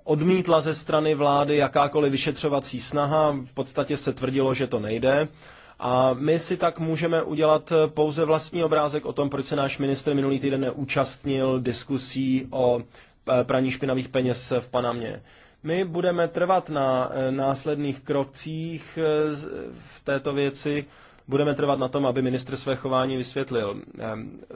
odmítla ze strany vlády jakákoliv vyšetřovací snaha, v podstatě se tvrdilo, že to nejde. A my si tak můžeme udělat pouze vlastní obrázek o tom, proč se náš ministr minulý týden neúčastnil diskusí o e, praní špinavých peněz v Panamě. My budeme trvat na e, následných krocích e, v této věci, budeme trvat na tom, aby ministr své chování vysvětlil.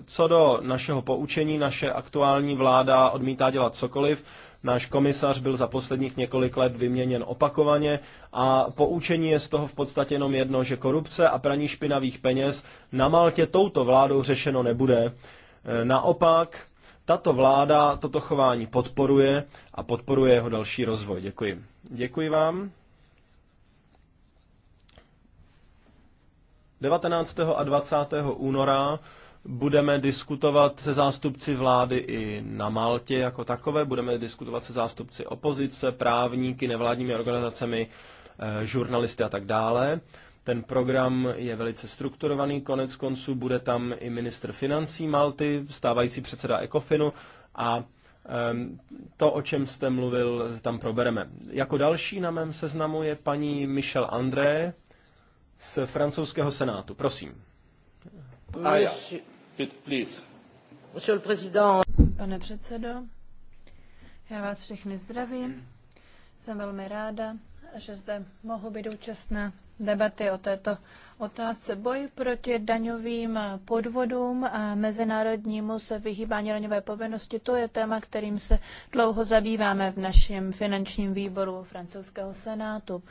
Co do našeho poučení, naše aktuální vláda odmítá dělat cokoliv, Náš komisař byl za posledních několik let vyměněn opakovaně a poučení je z toho v podstatě jenom jedno, že korupce a praní špinavých peněz na Maltě touto vládou řešeno nebude. E, naopak, tato vláda toto chování podporuje a podporuje jeho další rozvoj. Děkuji. Děkuji vám. 19. a 20. února Budeme diskutovat se zástupci vlády i na Maltě jako takové, budeme diskutovat se zástupci opozice, právníky, nevládními organizacemi, eh, žurnalisty a tak dále. Ten program je velice strukturovaný, konec konců bude tam i minister financí Malty, stávající předseda Ekofinu a to, o čem jste mluvil, tam probereme. Jako další na mém seznamu je paní Michel André z francouzského senátu. Prosím. Pane předsedo, já vás všechny zdravím. Jsem velmi ráda, že zde mohu být účastná debaty o této otázce. Boj proti daňovým podvodům a mezinárodnímu se vyhýbání daňové povinnosti, to je téma, kterým se dlouho zabýváme v našem finančním výboru francouzského senátu.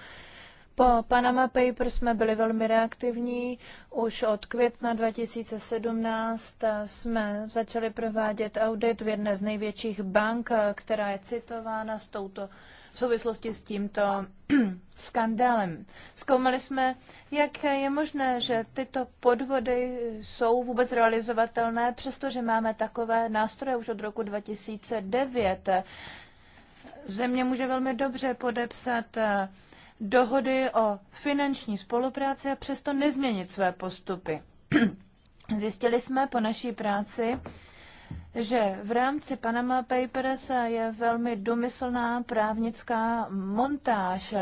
Po Panama Papers jsme byli velmi reaktivní. Už od května 2017 jsme začali provádět audit v jedné z největších bank, která je citována s touto, v souvislosti s tímto skandálem. Zkoumali jsme, jak je možné, že tyto podvody jsou vůbec realizovatelné, přestože máme takové nástroje už od roku 2009. Země může velmi dobře podepsat dohody o finanční spolupráci a přesto nezměnit své postupy. Zjistili jsme po naší práci, že v rámci Panama Papers je velmi domyslná právnická montáž.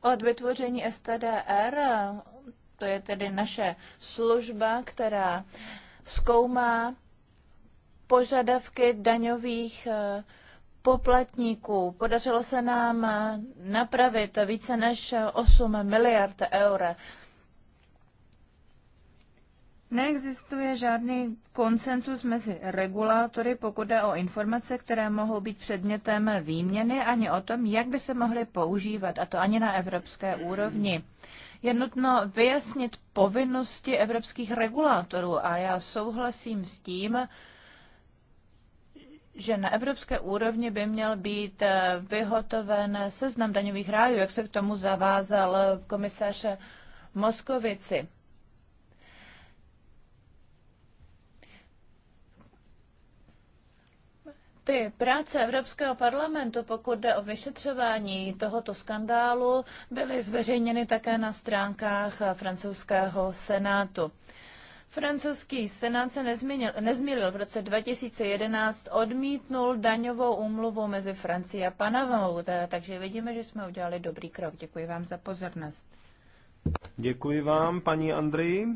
Od vytvoření STDR, to je tedy naše služba, která zkoumá požadavky daňových eh, poplatníků. Podařilo se nám napravit více než 8 miliard eur. Neexistuje žádný konsensus mezi regulátory, pokud jde o informace, které mohou být předmětem výměny, ani o tom, jak by se mohly používat, a to ani na evropské úrovni. Je nutno vyjasnit povinnosti evropských regulátorů a já souhlasím s tím, že na evropské úrovni by měl být eh, vyhotoven seznam daňových rájů, jak se k tomu zavázal eh, komisař Moskovici. Ty práce Evropského parlamentu, pokud jde o vyšetřování tohoto skandálu, byly zveřejněny také na stránkách francouzského senátu. Francouzský senát se nezmínil, nezmílil. V roce 2011 odmítnul daňovou úmluvu mezi Francií a Panamou, takže vidíme, že jsme udělali dobrý krok. Děkuji vám za pozornost. Děkuji vám, paní Andrej.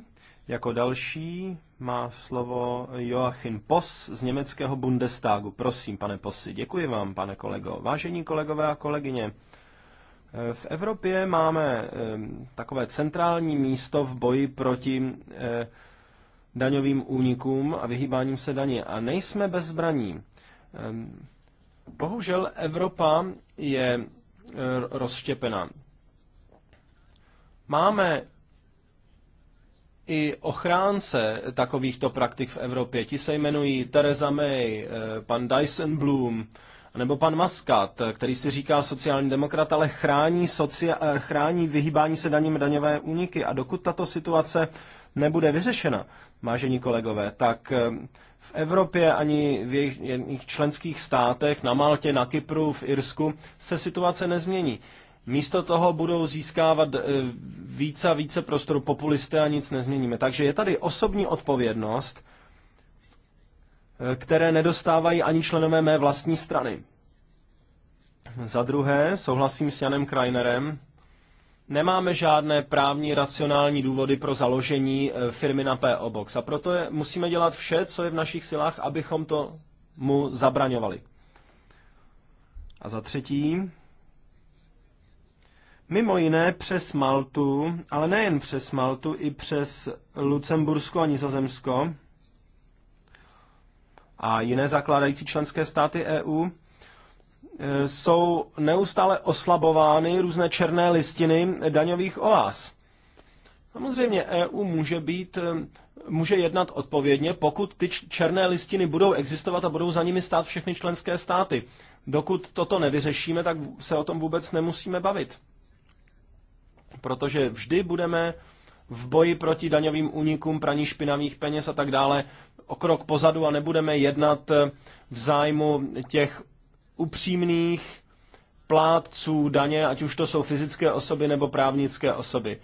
Jako další má slovo Joachim Pos z německého Bundestagu. Prosím, pane Posi, děkuji vám, pane kolego. Vážení kolegové a kolegyně, v Evropě máme eh, takové centrální místo v boji proti eh, daňovým únikům a vyhýbáním se daní. A nejsme bez zbraní. Bohužel Evropa je e, rozštěpena. Máme i ochránce takovýchto praktik v Evropě. Ti se jmenují Theresa May, e, pan Dyson Bloom, nebo pan Maskat, e, který si říká sociální demokrat, ale chrání, socia- chrání vyhýbání se daním daňové úniky. A dokud tato situace nebude vyřešena, vážení kolegové, tak eh, v Evropě ani v jejich členských státech, na Maltě, na Kypru, v Irsku, se situace nezmění. Místo toho budou získávat eh, více a více prostoru populisté a nic nezměníme. Takže je tady osobní odpovědnost, eh, které nedostávají ani členové mé vlastní strany. Za druhé, souhlasím s Janem Krajnerem, nemáme žádné právní racionální důvody pro založení eh, firmy na PO Box. A proto je, musíme dělat vše, co je v našich silách, abychom to mu zabraňovali. A za třetí, mimo jiné přes Maltu, ale nejen přes Maltu, i přes Lucembursko a Nizozemsko a jiné zakládající členské státy EU, Eh, jsou neustále oslabovány různé černé listiny daňových oáz. Samozřejmě EU může být, eh, může jednat odpovědně, pokud ty černé listiny budou existovat a budou za nimi stát všechny členské státy. Dokud toto nevyřešíme, tak se o tom vůbec nemusíme bavit. Protože vždy budeme v boji proti daňovým únikům, praní špinavých peněz a tak dále o krok pozadu a nebudeme jednat eh, v zájmu těch upřímných plátců daně, ať už to jsou fyzické osoby nebo právnické osoby.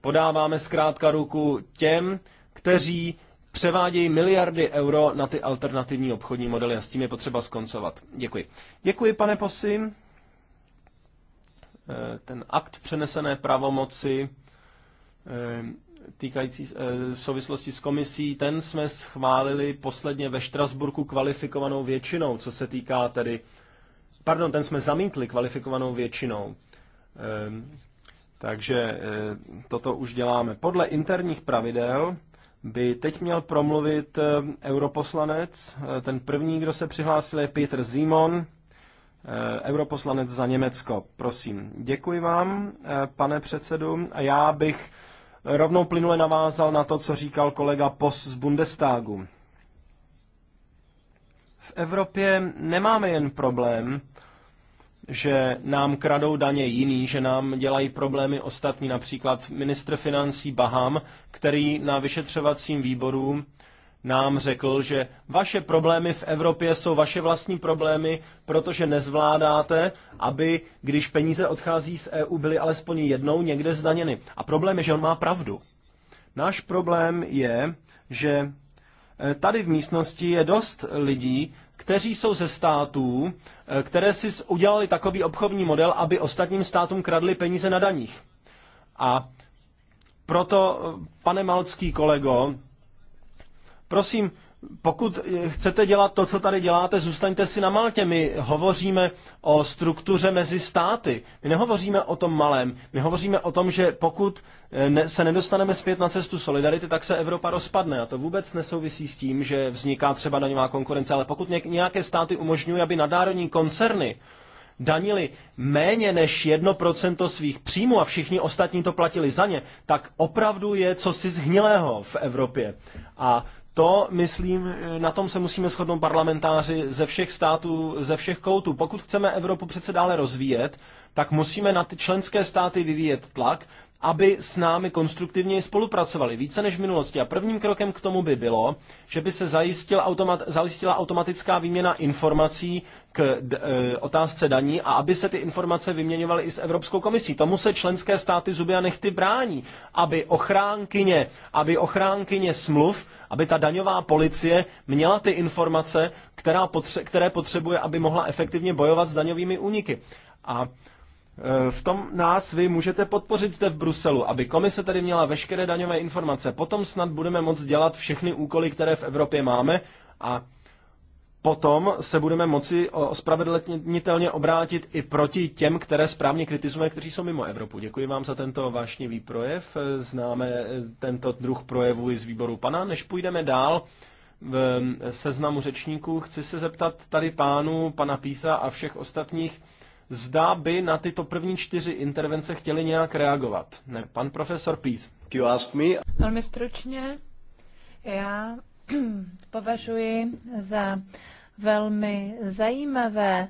Podáváme zkrátka ruku těm, kteří převádějí miliardy euro na ty alternativní obchodní modely a s tím je potřeba skoncovat. Děkuji. Děkuji, pane Posy. Eh, ten akt přenesené pravomoci eh, týkající eh, v souvislosti s komisí, ten jsme schválili posledně ve Štrasburku kvalifikovanou většinou, co se týká tedy Pardon, ten jsme zamítli kvalifikovanou většinou. Ehm, takže eh, toto už děláme. Podle interních pravidel by teď měl promluvit eh, europoslanec. Eh, ten první, kdo se přihlásil, je Peter Simon, europoslanec za Německo. Prosím. Děkuji vám, pane předsedu. A já bych rovnou plynule navázal na to, co říkal kolega Pos z Bundestagu. V Evropě nemáme jen problém že nám kradou daně jiný, že nám dělají problémy ostatní, například ministr financí Baham, který na vyšetřovacím výboru nám řekl, že vaše problémy v Evropě jsou vaše vlastní problémy, protože nezvládáte, aby když peníze odchází z EU, byly alespoň jednou někde zdaněny. A problém je, že on má pravdu. Náš problém je, že eh, tady v místnosti je dost lidí, kteří jsou ze států, eh, které si udělali takový obchodní model, aby ostatním státům kradli peníze na daních. A proto, eh, pane Malcký kolego, prosím, pokud chcete dělat to, co tady děláte, zůstaňte si na Maltě. My hovoříme o struktuře mezi státy. My nehovoříme o tom malém. My hovoříme o tom, že pokud eh, se nedostaneme zpět na cestu solidarity, tak se Evropa rozpadne. A to vůbec nesouvisí s tím, že vzniká třeba daňová konkurence. Ale pokud nějaké státy umožňují, aby nadárodní koncerny danili méně než 1% svých příjmů a všichni ostatní to platili za ně, tak opravdu je cosi zhnilého v Evropě. A to, myslím, na tom se musíme shodnout parlamentáři ze všech států, ze všech koutů. Pokud chceme Evropu přece dále rozvíjet, tak musíme na ty členské státy vyvíjet tlak, aby s námi konstruktivně spolupracovali více než v minulosti. A prvním krokem k tomu by bylo, že by se zajistil automat, zajistila automatická výměna informací k e, otázce daní a aby se ty informace vyměňovaly i s Evropskou komisí. Tomu se členské státy zuby a nechty brání, aby ochránkyně, aby ochránkyně smluv, aby ta daňová policie měla ty informace, která potře- které potřebuje, aby mohla efektivně bojovat s daňovými úniky. A Eh, v tom nás vy můžete podpořit zde v Bruselu, aby komise tady měla veškeré daňové informace. Potom snad budeme moct dělat všechny úkoly, které v Evropě máme a potom se budeme moci ospravedlnitelně obrátit i proti těm, které správně kritizujeme, kteří jsou mimo Evropu. Děkuji vám za tento vášnivý projev. Eh, známe eh, tento druh projevu i z výboru pana. Než půjdeme dál v seznamu řečníků, chci se zeptat tady pánu, pana Píta a všech ostatních, zda by na tyto první čtyři intervence chtěli nějak reagovat. Ne, pan profesor Pít. You ask me. Velmi stručně. Já považuji za velmi zajímavé,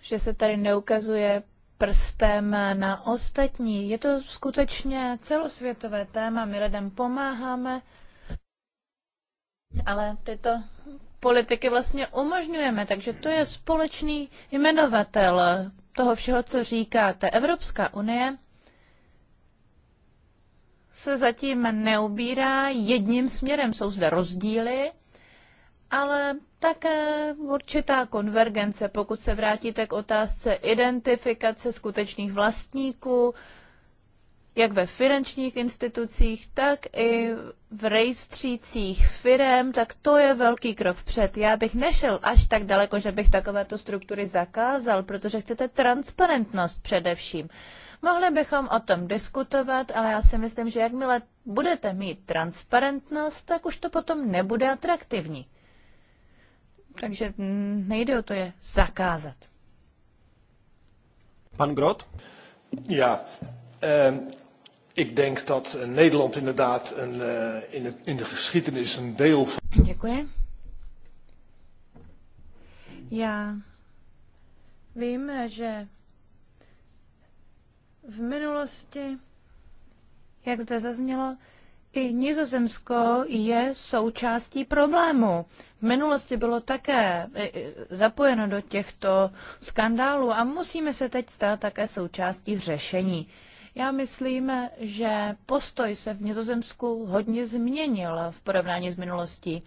že se tady neukazuje prstem na ostatní. Je to skutečně celosvětové téma, my lidem pomáháme, ale tyto politiky vlastně umožňujeme. Takže to je společný jmenovatel toho všeho, co říkáte. Evropská unie se zatím neubírá jedním směrem, jsou zde rozdíly, ale také určitá konvergence, pokud se vrátíte k otázce identifikace skutečných vlastníků, jak ve finančních institucích, tak i v rejstřících s firem, tak to je velký krok vpřed. Já bych nešel až tak daleko, že bych takovéto struktury zakázal, protože chcete transparentnost především. Mohli bychom o tom diskutovat, ale já si myslím, že jakmile budete mít transparentnost, tak už to potom nebude atraktivní. Takže nejde o to je zakázat. Pan Grot? Já. Ehm, Ik denk dat eh, Nederland inderdaad een, uh, in, het, in de geschiedenis een deel van. Děkuji. Já vím, že v minulosti, jak zde zaznělo, i Nizozemsko je součástí problému. V minulosti bylo také eh, zapojeno do těchto skandálů a musíme se teď stát také součástí řešení. Já myslím, že postoj se v Nizozemsku hodně změnil v porovnání s minulostí.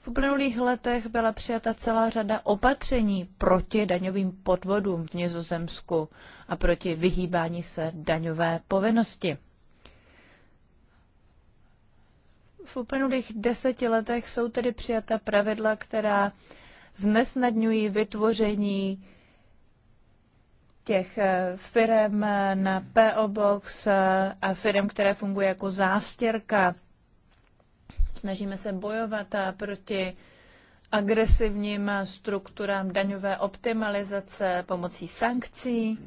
V uplynulých letech byla přijata celá řada opatření proti daňovým podvodům v Nizozemsku a proti vyhýbání se daňové povinnosti. V uplynulých deseti letech jsou tedy přijata pravidla, která znesnadňují vytvoření těch eh, firm eh, na PO Box eh, a firm, které fungují jako zástěrka. Snažíme se bojovat proti agresivním strukturám daňové optimalizace pomocí sankcí.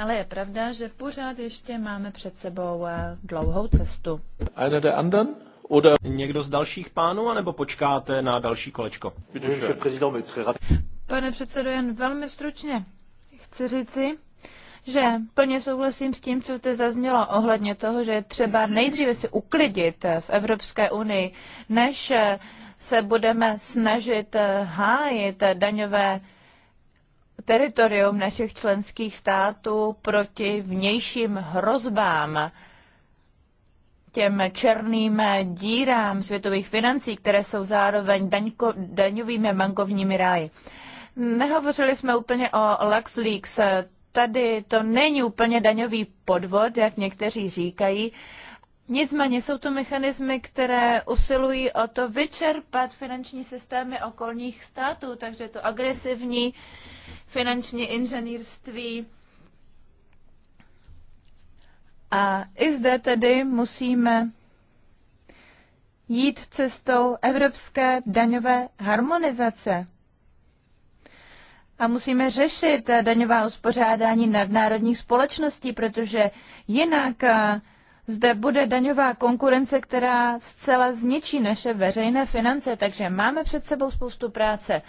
Ale je pravda, že pořád ještě máme před sebou dlouhou cestu. Einer der anderen? Oder... Někdo z dalších pánů, anebo počkáte na další kolečko? Pane předsedo, jen velmi stručně chci říci, že plně souhlasím s tím, co jste zaznělo ohledně toho, že je třeba nejdříve si uklidit v Evropské unii, než se budeme snažit hájit daňové teritorium našich členských států proti vnějším hrozbám, těm černým dírám světových financí, které jsou zároveň daňko, daňovými bankovními ráji. Nehovořili jsme úplně o LuxLeaks. Tady to není úplně daňový podvod, jak někteří říkají. Nicméně jsou to mechanismy, které usilují o to vyčerpat finanční systémy okolních států, takže to agresivní finanční inženýrství. A i zde tedy musíme jít cestou evropské daňové harmonizace a musíme řešit eh, daňová uspořádání nadnárodních společností, protože jinak eh, zde bude daňová konkurence, která zcela zničí naše veřejné finance, takže máme před sebou spoustu práce.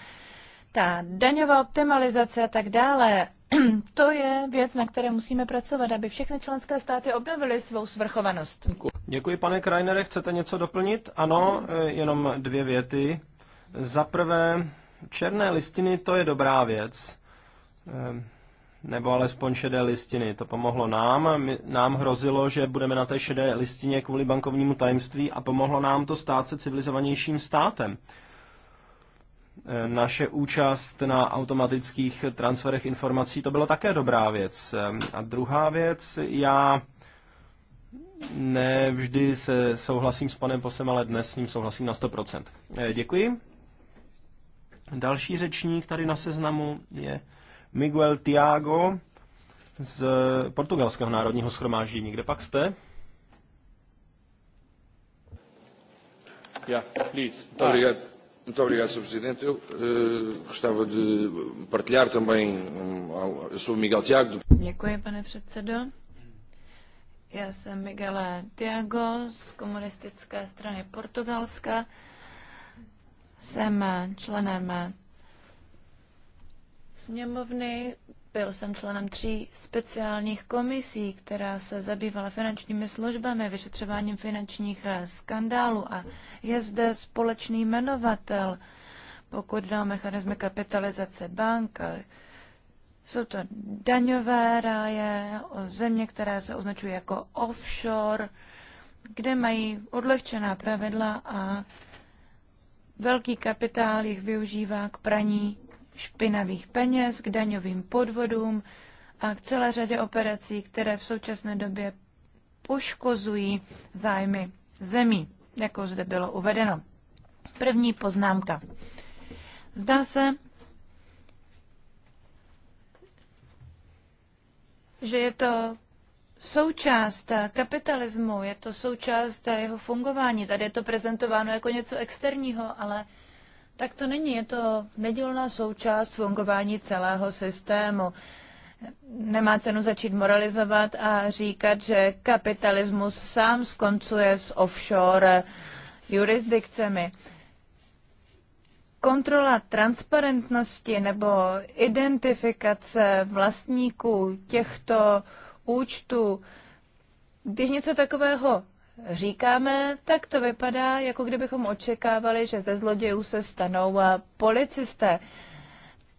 Ta daňová optimalizace a tak dále, to je věc, na které musíme pracovat, aby všechny členské státy obnovily svou svrchovanost. Děkuji, pane Krajnere. Chcete něco doplnit? Ano, eh, jenom dvě věty. Za prvé, Černé listiny to je dobrá věc. Ehm, nebo alespoň šedé listiny. To pomohlo nám. nám hrozilo, že budeme na té šedé listině kvůli bankovnímu tajemství a pomohlo nám to stát se civilizovanějším státem ehm, naše účast na automatických transferech informací, to byla také dobrá věc. Ehm, a druhá věc, já nevždy se souhlasím s panem Posem, ale dnes s ním souhlasím na 100%. Děkuji. Další řečník tady na seznamu je Miguel Tiago z Portugalského národního schromáždění. Kde pak jste? Yeah, please. Muito obrigado. Muito obrigado, Sr. Presidente. Eu uh, gostava de partilhar também. Um, eu sou Miguel Tiago. Do... Děkuji, pane předsedo. Já jsem Miguel Tiago z komunistické strany Portugalska. Jsem členem sněmovny, byl jsem členem tří speciálních komisí, která se zabývala finančními službami, vyšetřováním finančních eh, skandálů a je zde společný jmenovatel, pokud jde o mechanizmy kapitalizace bank. Jsou to daňové ráje, země, která se označují jako offshore, kde mají odlehčená pravidla a Velký kapitál jich využívá k praní špinavých peněz, k daňovým podvodům a k celé řadě operací, které v současné době poškozují zájmy zemí, jako zde bylo uvedeno. První poznámka. Zdá se, že je to součást kapitalismu, je to součást jeho fungování. Tady je to prezentováno jako něco externího, ale tak to není. Je to nedělná součást fungování celého systému. Nemá cenu začít moralizovat a říkat, že kapitalismus sám skoncuje s offshore jurisdikcemi. Kontrola transparentnosti nebo identifikace vlastníků těchto uh, účtu Když něco takového říkáme, tak to vypadá, jako kdybychom očekávali, že ze zlodějů se stanou policisté.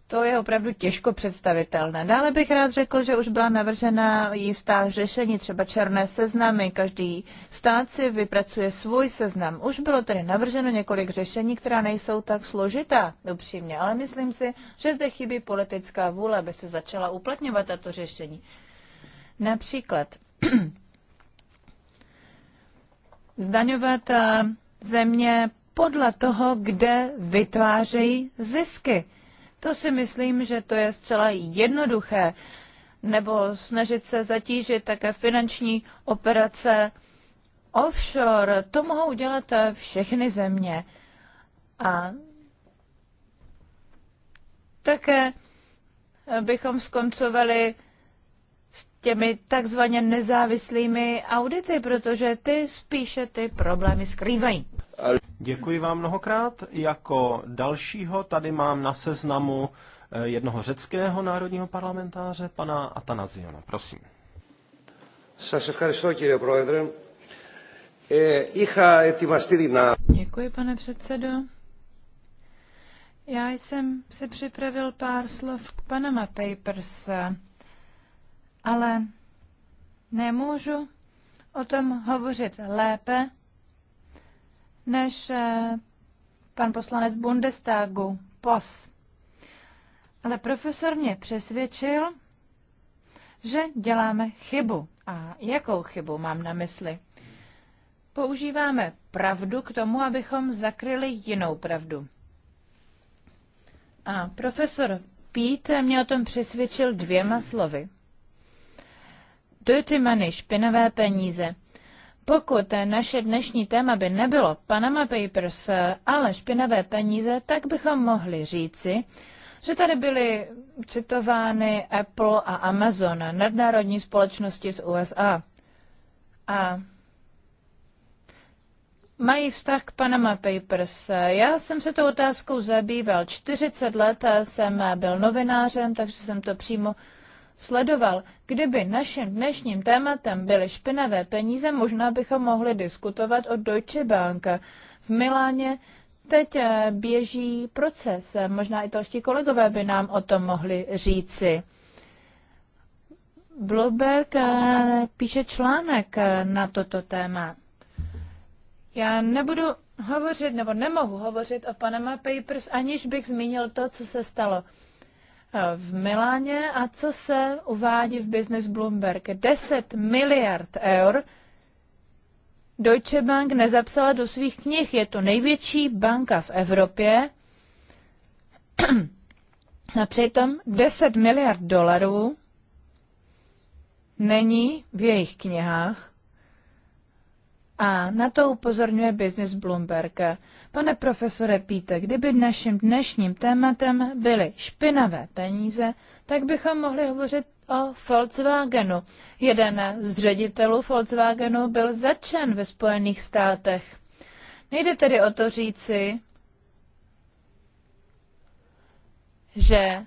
To je opravdu těžko představitelné. Dále bych rád řekl, že už byla navržena jistá řešení, třeba černé seznamy. Každý stát si vypracuje svůj seznam. Už bylo tedy navrženo několik řešení, která nejsou tak složitá, upřímně, ale myslím si, že zde chybí politická vůle, aby se začala uplatňovat tato řešení. Například zdaňovat eh, země podle toho, kde vytvářejí zisky. To si myslím, že to je zcela jednoduché. Nebo snažit se zatížit také finanční operace offshore. To mohou dělat eh, všechny země. A také eh, bychom skoncovali s těmi takzvaně nezávislými audity, protože ty spíše ty problémy skrývají. Děkuji vám mnohokrát. Jako dalšího tady mám na seznamu eh, jednoho řeckého národního parlamentáře, pana Atanaziona. Prosím. Děkuji, pane předsedo. Já jsem si připravil pár slov k Panama Papers ale nemůžu o tom hovořit lépe než eh, pan poslanec Bundestagu, POS. Ale profesor mě přesvědčil, že děláme chybu. A jakou chybu mám na mysli? Používáme pravdu k tomu, abychom zakryli jinou pravdu. A profesor Pít mě o tom přesvědčil dvěma slovy dirty money, špinavé peníze. Pokud naše dnešní téma by nebylo Panama Papers, eh, ale špinavé peníze, tak bychom mohli říci, že tady byly citovány Apple a Amazon, nadnárodní společnosti z USA. A mají vztah k Panama Papers. Já jsem se tou otázkou zabýval. 40 let jsem byl novinářem, takže jsem to přímo sledoval. Kdyby naším dnešním tématem byly špinavé peníze, možná bychom mohli diskutovat o Deutsche Bank. V Miláně teď eh, běží proces. Možná italští kolegové by nám o tom mohli říci. Bloberg eh, píše článek eh, na toto téma. Já nebudu hovořit, nebo nemohu hovořit o Panama Papers, aniž bych zmínil to, co se stalo Eh, v Miláně a co se uvádí v Business Bloomberg. 10 miliard eur Deutsche Bank nezapsala do svých knih. Je to největší banka v Evropě. A přitom 10 miliard dolarů není v jejich knihách. A na to upozorňuje Business Bloomberg. Pane profesore Píte, kdyby naším dnešním tématem byly špinavé peníze, tak bychom mohli hovořit o Volkswagenu. Jeden z ředitelů Volkswagenu byl začen ve Spojených státech. Nejde tedy o to říci, že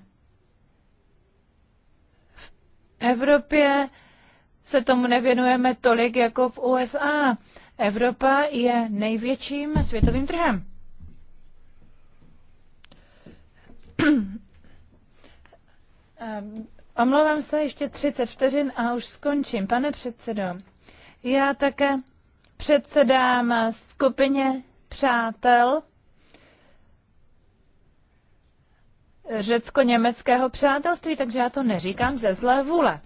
v Evropě se tomu nevěnujeme tolik jako v USA. Evropa je největším světovým trhem. Omlouvám se ještě 30 vteřin a už skončím. Pane předsedo, já také předsedám skupině přátel řecko-německého přátelství, takže já to neříkám ze zlé vůle.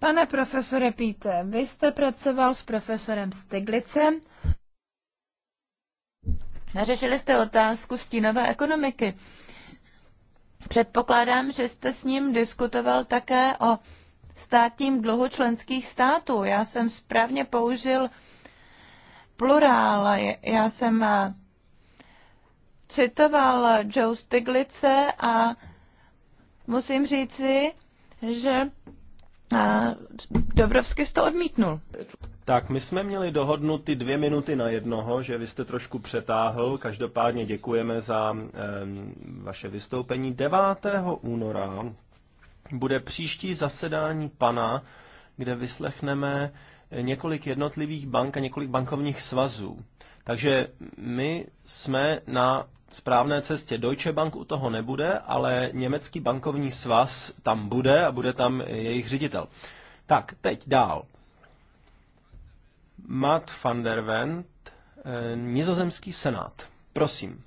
Pane profesore Píte, vy jste pracoval s profesorem Stiglicem. Řešili jste otázku stínové ekonomiky. Předpokládám, že jste s ním diskutoval také o státním dluhu členských států. Já jsem správně použil plurál. Já jsem eh, citoval Joe Stiglice a musím říci, že a Dobrovsky to odmítnul. Tak my jsme měli dohodnuty dvě minuty na jednoho, že vy jste trošku přetáhl. Každopádně děkujeme za eh, vaše vystoupení. 9. února bude příští zasedání pana, kde vyslechneme několik jednotlivých bank a několik bankovních svazů. Takže my jsme na správné cestě. Deutsche Bank u toho nebude, ale německý bankovní svaz tam bude a bude tam jejich ředitel. Tak, teď dál. Matt van der Wendt, eh, nizozemský senát. Prosím.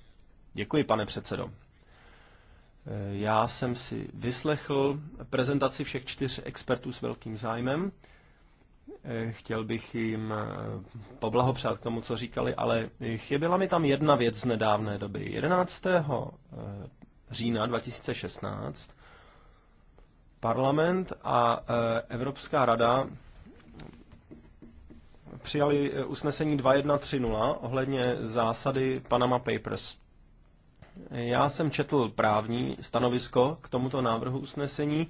Děkuji, pane předsedo. Eh, já jsem si vyslechl prezentaci všech čtyř expertů s velkým zájmem. Chtěl bych jim eh, poblahopřát k tomu, co říkali, ale chyběla mi tam jedna věc z nedávné doby. 11. Eh, října 2016 parlament a eh, Evropská rada přijali usnesení 2130 ohledně zásady Panama Papers. Já jsem četl právní stanovisko k tomuto návrhu usnesení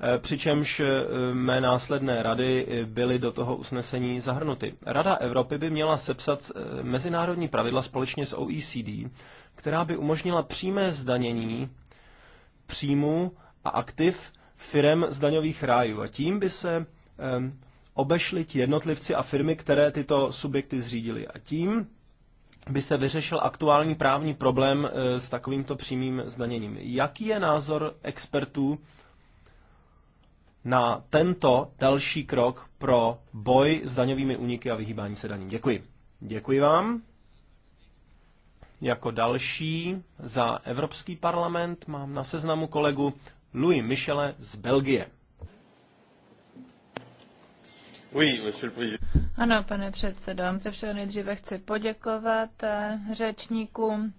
Eh, přičemž eh, mé následné rady eh, byly do toho usnesení zahrnuty. Rada Evropy by měla sepsat mezinárodní pravidla společně s OECD, která by umožnila přímé zdanění příjmů a aktiv firem z daňových rájů. A tím by se ehm, obešli ti jednotlivci a firmy, které tyto subjekty zřídily. A tím by se vyřešil aktuální právní problém s takovýmto přímým zdaněním. Jaký je názor expertů na tento další krok pro boj s daňovými úniky a vyhýbání se daním. Děkuji. Děkuji vám. Jako další za Evropský parlament mám na seznamu kolegu Louis Michele z Belgie. Ano, pane předsedo, se všeho nejdříve chci poděkovat eh, řečníkům.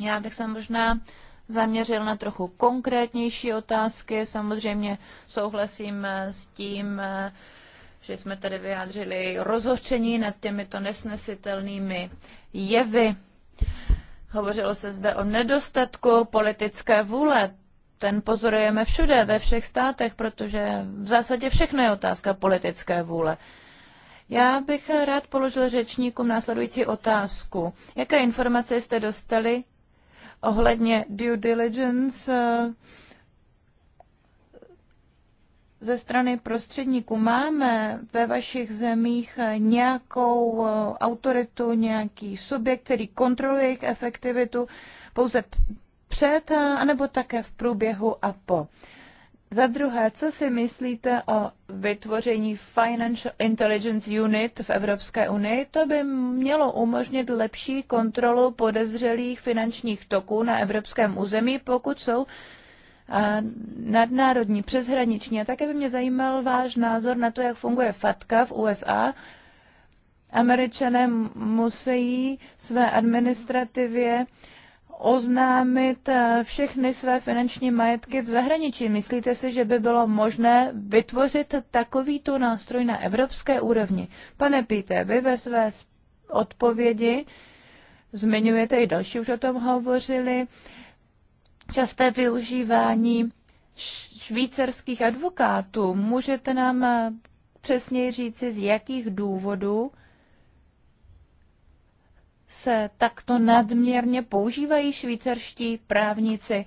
Já bych se možná zaměřil na trochu konkrétnější otázky. Samozřejmě souhlasím s tím, eh, že jsme tady vyjádřili rozhořčení nad těmito nesnesitelnými jevy. Hovořilo se zde o nedostatku politické vůle. Ten pozorujeme všude, ve všech státech, protože v zásadě všechno je otázka politické vůle. Já bych rád položil řečníkům následující otázku. Jaké informace jste dostali ohledně due diligence eh, ze strany prostředníků máme ve vašich zemích eh, nějakou eh, autoritu, nějaký subjekt, který kontroluje jejich efektivitu pouze před, anebo také v průběhu a po. Za druhé, co si myslíte o vytvoření Financial Intelligence Unit v Evropské unii? To by mělo umožnit lepší kontrolu podezřelých finančních toků na evropském území, pokud jsou eh, nadnárodní, přeshraniční. A také by mě zajímal váš názor na to, jak funguje FATCA v USA. Američané musí své administrativě uh, oznámit eh, všechny své finanční majetky v zahraničí. Myslíte si, že by bylo možné vytvořit takovýto nástroj na evropské úrovni? Pane Píte, vy ve své odpovědi zmiňujete, i další už o tom hovořili, časté využívání švýcarských advokátů. Můžete nám eh, přesněji říci, z jakých důvodů se takto nadměrně používají švýcarští právníci.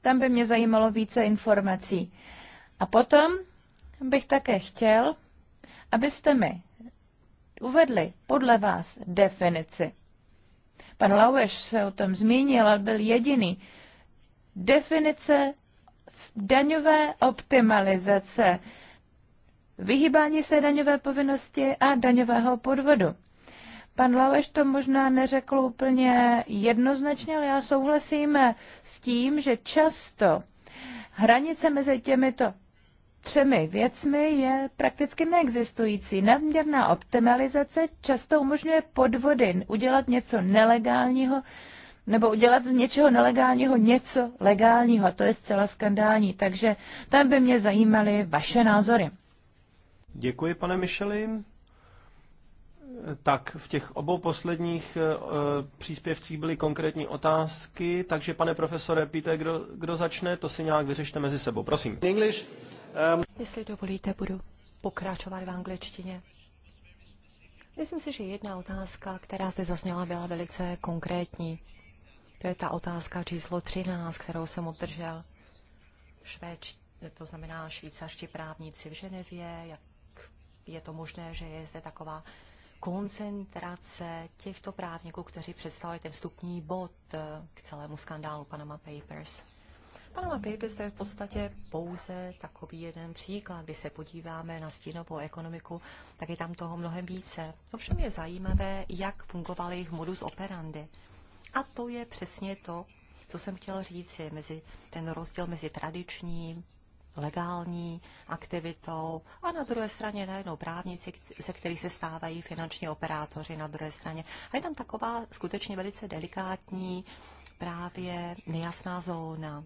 Tam by mě zajímalo více informací. A potom bych také chtěl, abyste mi uvedli podle vás definici. Pan Laueš se o tom zmínil, ale byl jediný. Definice daňové optimalizace, vyhýbání se daňové povinnosti a daňového podvodu. Pan Laveš to možná neřekl úplně jednoznačně, ale já souhlasím s tím, že často hranice mezi těmito třemi věcmi je prakticky neexistující. Nadměrná optimalizace často umožňuje podvody, udělat něco nelegálního nebo udělat z něčeho nelegálního něco legálního. A to je zcela skandální. Takže tam by mě zajímaly vaše názory. Děkuji, pane Michelin. Tak v těch obou posledních eh, příspěvcích byly konkrétní otázky, takže pane profesore, píte, kdo, kdo začne, to si nějak vyřešte mezi sebou, prosím. English, um... Jestli dovolíte, budu pokračovat v angličtině. Myslím si, že jedna otázka, která zde zazněla, byla velice konkrétní. To je ta otázka číslo 13, kterou jsem obdržel. Švéč, to znamená švýcarští právníci v Ženevě, jak je to možné, že je zde taková koncentrace těchto právníků, kteří představili ten vstupní bod eh, k celému skandálu Panama Papers. Panama Papers to je v podstatě pouze takový jeden příklad. Když se podíváme na stínovou ekonomiku, tak je tam toho mnohem více. Ovšem je zajímavé, jak fungovaly jejich modus operandi. A to je přesně to, co jsem chtěl říci, mezi, ten rozdíl mezi tradičním legální aktivitou a na druhé straně najednou právníci, se kterých se stávají finanční operátoři na druhé straně. A je tam taková skutečně velice delikátní právě nejasná zóna.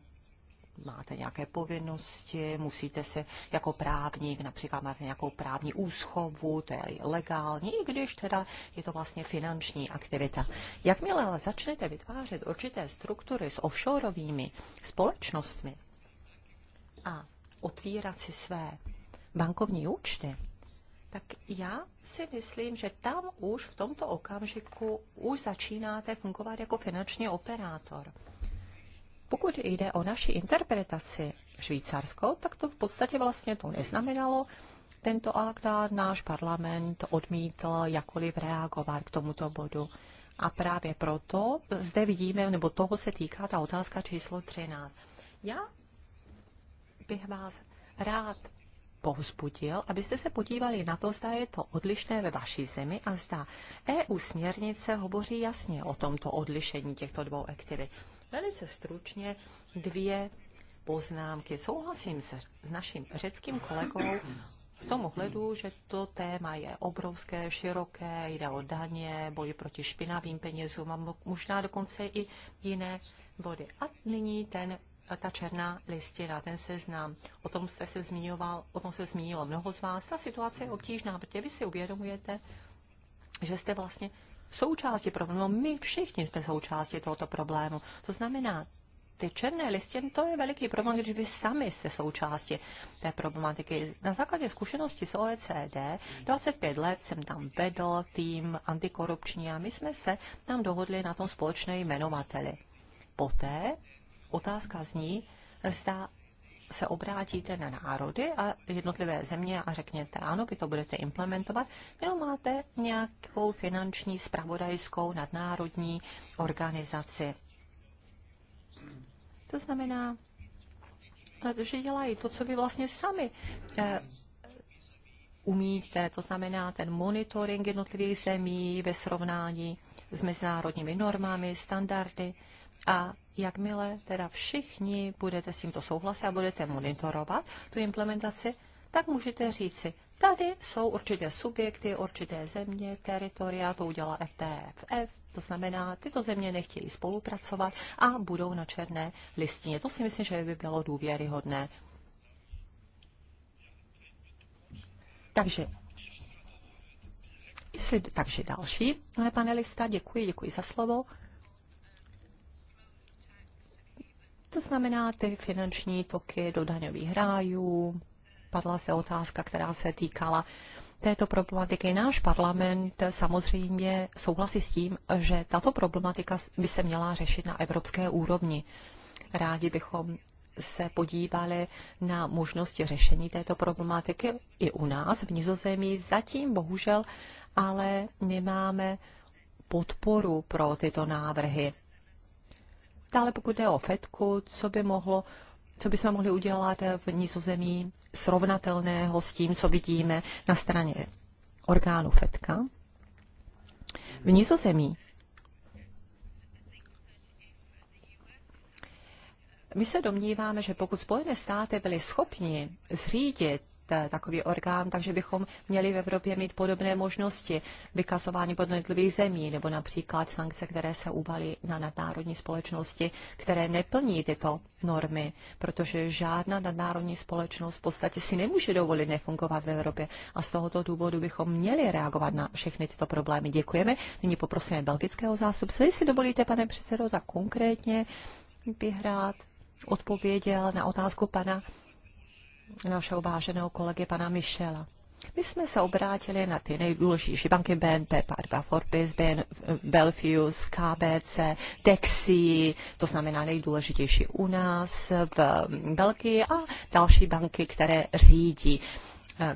Máte nějaké povinnosti, musíte se jako právník, například máte nějakou právní úschovu, to je legální, i když teda je to vlastně finanční aktivita. Jakmile ale začnete vytvářet určité struktury s offshoreovými společnostmi, a otvírat si své bankovní účty, tak já si myslím, že tam už v tomto okamžiku už začínáte fungovat jako finanční operátor. Pokud jde o naši interpretaci švýcarskou, tak to v podstatě vlastně to neznamenalo. Tento akt a náš parlament odmítl jakoliv reagovat k tomuto bodu. A právě proto zde vidíme, nebo toho se týká ta otázka číslo 13. Já bych vás rád povzbudil, abyste se podívali na to, zda je to odlišné ve vaší zemi a zda EU směrnice hovoří jasně o tomto odlišení těchto dvou aktivit. Velice stručně dvě poznámky. Souhlasím se s naším řeckým kolegou v tom ohledu, že to téma je obrovské, široké, jde o daně, boji proti špinavým penězům a možná dokonce i jiné body. A nyní ten ta černá listina, ten seznam, o tom jste se zmiňoval, o tom se zmínilo mnoho z vás. Ta situace je obtížná, protože vy si uvědomujete, že jste vlastně součástí problému. No, my všichni jsme součástí tohoto problému. To znamená, ty černé listiny, to je veliký problém, když vy sami jste součástí té problematiky. Na základě zkušenosti z OECD 25 let jsem tam vedl tým antikorupční a my jsme se tam dohodli na tom společné jmenovateli. Poté otázka zní, zda se obrátíte na národy a jednotlivé země a řekněte, ano, vy to budete implementovat, nebo máte nějakou finanční, spravodajskou, nadnárodní organizaci. To znamená, že dělají to, co vy vlastně sami eh, umíte, to znamená ten monitoring jednotlivých zemí ve srovnání s mezinárodními normami, standardy a jakmile teda všichni budete s tímto souhlasit a budete monitorovat tu implementaci, tak můžete říci, tady jsou určité subjekty, určité země, teritoria, to udělá FTFF, to znamená, tyto země nechtějí spolupracovat a budou na černé listině. To si myslím, že by bylo důvěryhodné. Takže Jestli, takže další panelista, děkuji, děkuji za slovo. To znamená ty finanční toky do daňových rájů. Padla se otázka, která se týkala této problematiky. Náš parlament samozřejmě souhlasí s tím, že tato problematika by se měla řešit na evropské úrovni. Rádi bychom se podívali na možnosti řešení této problematiky i u nás v Nizozemí. Zatím bohužel ale nemáme podporu pro tyto návrhy. Dále pokud jde o FEDku, co by mohlo co bychom mohli udělat v nízozemí srovnatelného s tím, co vidíme na straně orgánu FEDka. V nízozemí My se domníváme, že pokud Spojené státy byly schopni zřídit Eh, takový orgán, takže bychom měli v Evropě mít podobné možnosti vykazování podnotlivých zemí nebo například sankce, které se uvalí na nadnárodní společnosti, které neplní tyto normy, protože žádná nadnárodní společnost v podstatě si nemůže dovolit nefungovat v Evropě a z tohoto důvodu bychom měli reagovat na všechny tyto problémy. Děkujeme. Nyní poprosíme belgického zástupce. Jestli dovolíte, pane předsedo, tak konkrétně bych rád odpověděl na otázku pana našeho váženého kolegy pana Michela. My jsme se obrátili na ty nejdůležitější banky BNP Paribas, Forbes, BN, Belfius, KBC, Dexi, to znamená nejdůležitější u nás v Belgii a další banky, které řídí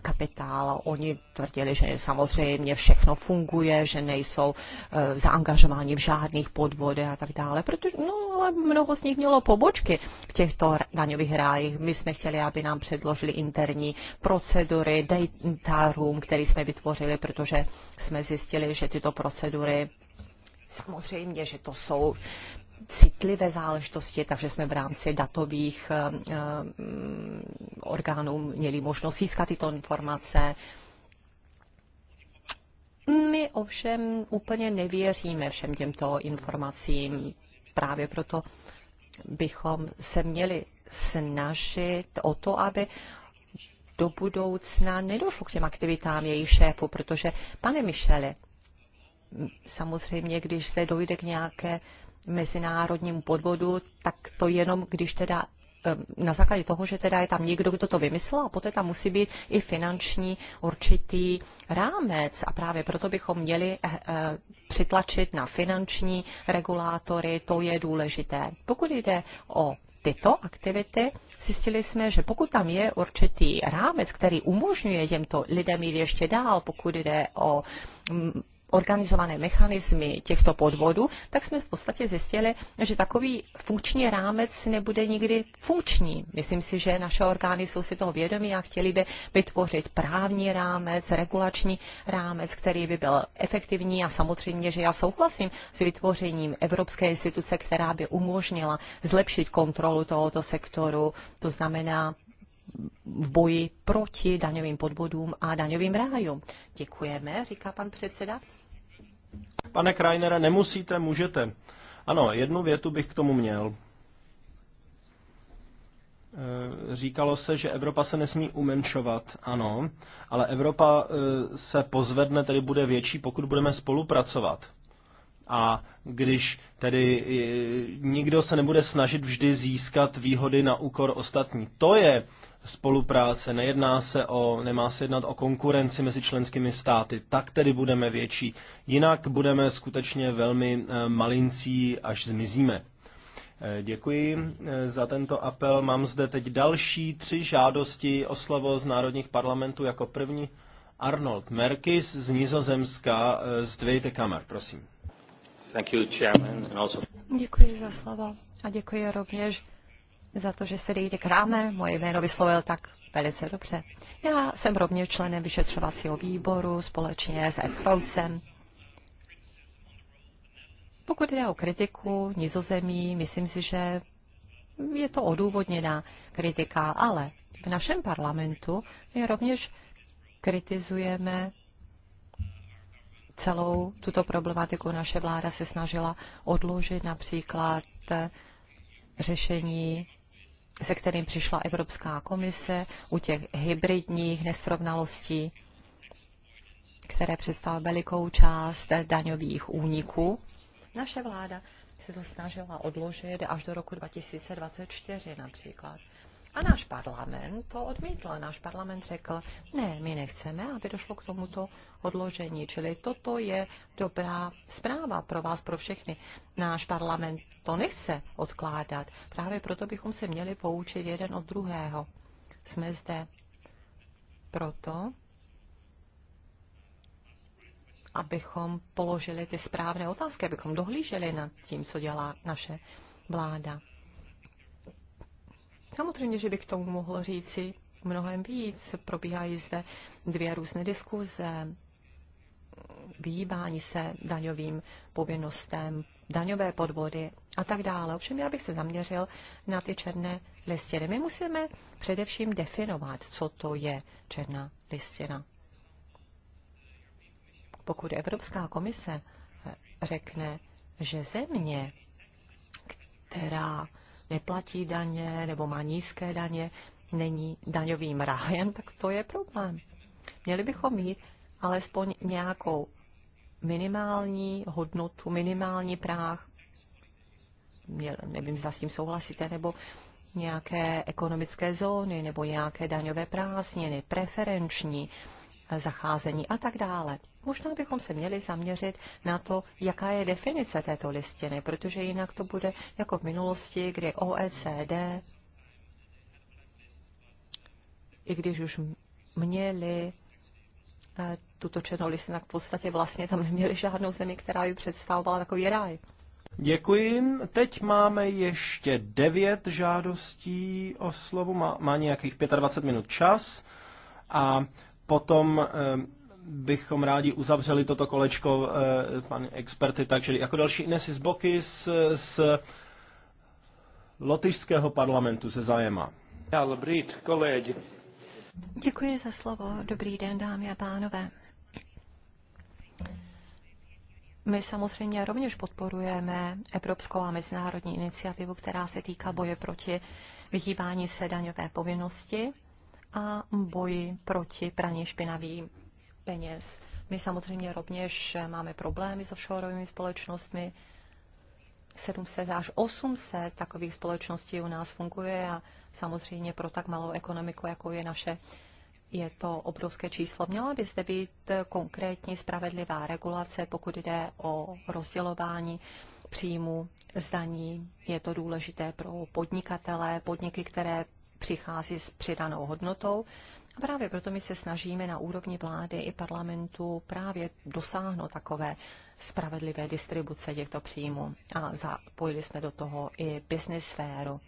kapitál. Oni tvrdili, že samozřejmě všechno funguje, že nejsou e, zaangažováni v žádných podvodech a tak dále, protože no, ale mnoho z nich mělo pobočky v těchto daňových rájích. My jsme chtěli, aby nám předložili interní procedury, data room, který jsme vytvořili, protože jsme zjistili, že tyto procedury Samozřejmě, že to jsou citlivé záležitosti, takže jsme v rámci datových eh, eh, orgánů měli možnost získat tyto informace. My ovšem úplně nevěříme všem těmto informacím. Právě proto bychom se měli snažit o to, aby do budoucna nedošlo k těm aktivitám jejich šéfu, protože, pane Michele, samozřejmě, když se dojde k nějaké mezinárodnímu podvodu, tak to jenom, když teda na základě toho, že teda je tam někdo, kdo to vymyslel a poté tam musí být i finanční určitý rámec a právě proto bychom měli eh, eh, přitlačit na finanční regulátory, to je důležité. Pokud jde o tyto aktivity, zjistili jsme, že pokud tam je určitý rámec, který umožňuje těmto lidem jít ještě dál, pokud jde o mm, organizované mechanismy těchto podvodů, tak jsme v podstatě zjistili, že takový funkční rámec nebude nikdy funkční. Myslím si, že naše orgány jsou si toho vědomí a chtěli by vytvořit právní rámec, regulační rámec, který by byl efektivní a samozřejmě, že já souhlasím s vytvořením Evropské instituce, která by umožnila zlepšit kontrolu tohoto sektoru, to znamená v boji proti daňovým podvodům a daňovým rájům. Děkujeme, říká pan předseda. Pane Krajnere, nemusíte, můžete. Ano, jednu větu bych k tomu měl. Eh, říkalo se, že Evropa se nesmí umenšovat, ano, ale Evropa eh, se pozvedne, tedy bude větší, pokud budeme spolupracovat a když tedy e, nikdo se nebude snažit vždy získat výhody na úkor ostatní. To je spolupráce, nejedná se o, nemá se jednat o konkurenci mezi členskými státy, tak tedy budeme větší. Jinak budeme skutečně velmi e, malincí, až zmizíme. E, děkuji za tento apel. Mám zde teď další tři žádosti o slovo z národních parlamentů jako první. Arnold Merkis z Nizozemska z Dvejte kamer, prosím. Děkuji za slovo a děkuji rovněž za to, že jste Dejde Kramer moje jméno vyslovil tak velice dobře. Já jsem rovněž členem vyšetřovacího výboru společně s Ed Rousem. Pokud jde o kritiku nizozemí, myslím si, že je to odůvodněná kritika, ale v našem parlamentu my rovněž kritizujeme celou tuto problematiku naše vláda se snažila odložit například řešení se kterým přišla Evropská komise u těch hybridních nesrovnalostí, které představují velikou část daňových úniků. Naše vláda se to snažila odložit až do roku 2024 například. A náš parlament to odmítl. Náš parlament řekl, ne, my nechceme, aby došlo k tomuto odložení. Čili toto je dobrá zpráva pro vás, pro všechny. Náš parlament to nechce odkládat. Právě proto bychom se měli poučit jeden od druhého. Jsme zde proto, abychom položili ty správné otázky, abychom dohlíželi nad tím, co dělá naše vláda. Samozřejmě, že bych k tomu mohl říci mnohem víc. Probíhají zde dvě různé diskuze, vyhýbání se daňovým povinnostem, daňové podvody a tak dále. Ovšem já bych se zaměřil na ty černé listiny. My musíme především definovat, co to je černá listina. Pokud Evropská komise řekne, že země, která neplatí daně nebo má nízké daně, není daňovým rájem, tak to je problém. Měli bychom mít alespoň nějakou minimální hodnotu, minimální práh, nevím, zda s tím souhlasíte, nebo nějaké ekonomické zóny, nebo nějaké daňové prázdniny, preferenční zacházení a tak dále. Možná bychom se měli zaměřit na to, jaká je definice této listiny, protože jinak to bude jako v minulosti, kdy OECD, i když už měli eh, tuto černou listinu, tak v podstatě vlastně tam neměli žádnou zemi, která ji představovala takový ráj. Děkuji. Teď máme ještě devět žádostí o slovo. Má, má nějakých 25 minut čas a potom eh, bychom rádi uzavřeli toto kolečko, eh, pan experty, takže jako další Inesis Bokis eh, z lotyšského parlamentu se zajema. Děkuji za slovo. Dobrý den, dámy a pánové. My samozřejmě rovněž podporujeme evropskou a mezinárodní iniciativu, která se týká boje proti vyhýbání se daňové povinnosti a boji proti praní špinavým peněz. My samozřejmě rovněž máme problémy s offshoreovými společnostmi. 700 až 800 takových společností u nás funguje a samozřejmě pro tak malou ekonomiku, jako je naše, je to obrovské číslo. Měla by zde být konkrétní spravedlivá regulace, pokud jde o rozdělování příjmu zdaní. Je to důležité pro podnikatele, podniky, které přichází s přidanou hodnotou. A právě proto my se snažíme na úrovni vlády i parlamentu právě dosáhnout takové spravedlivé distribuce těchto příjmů. A zapojili jsme do toho i business sféru.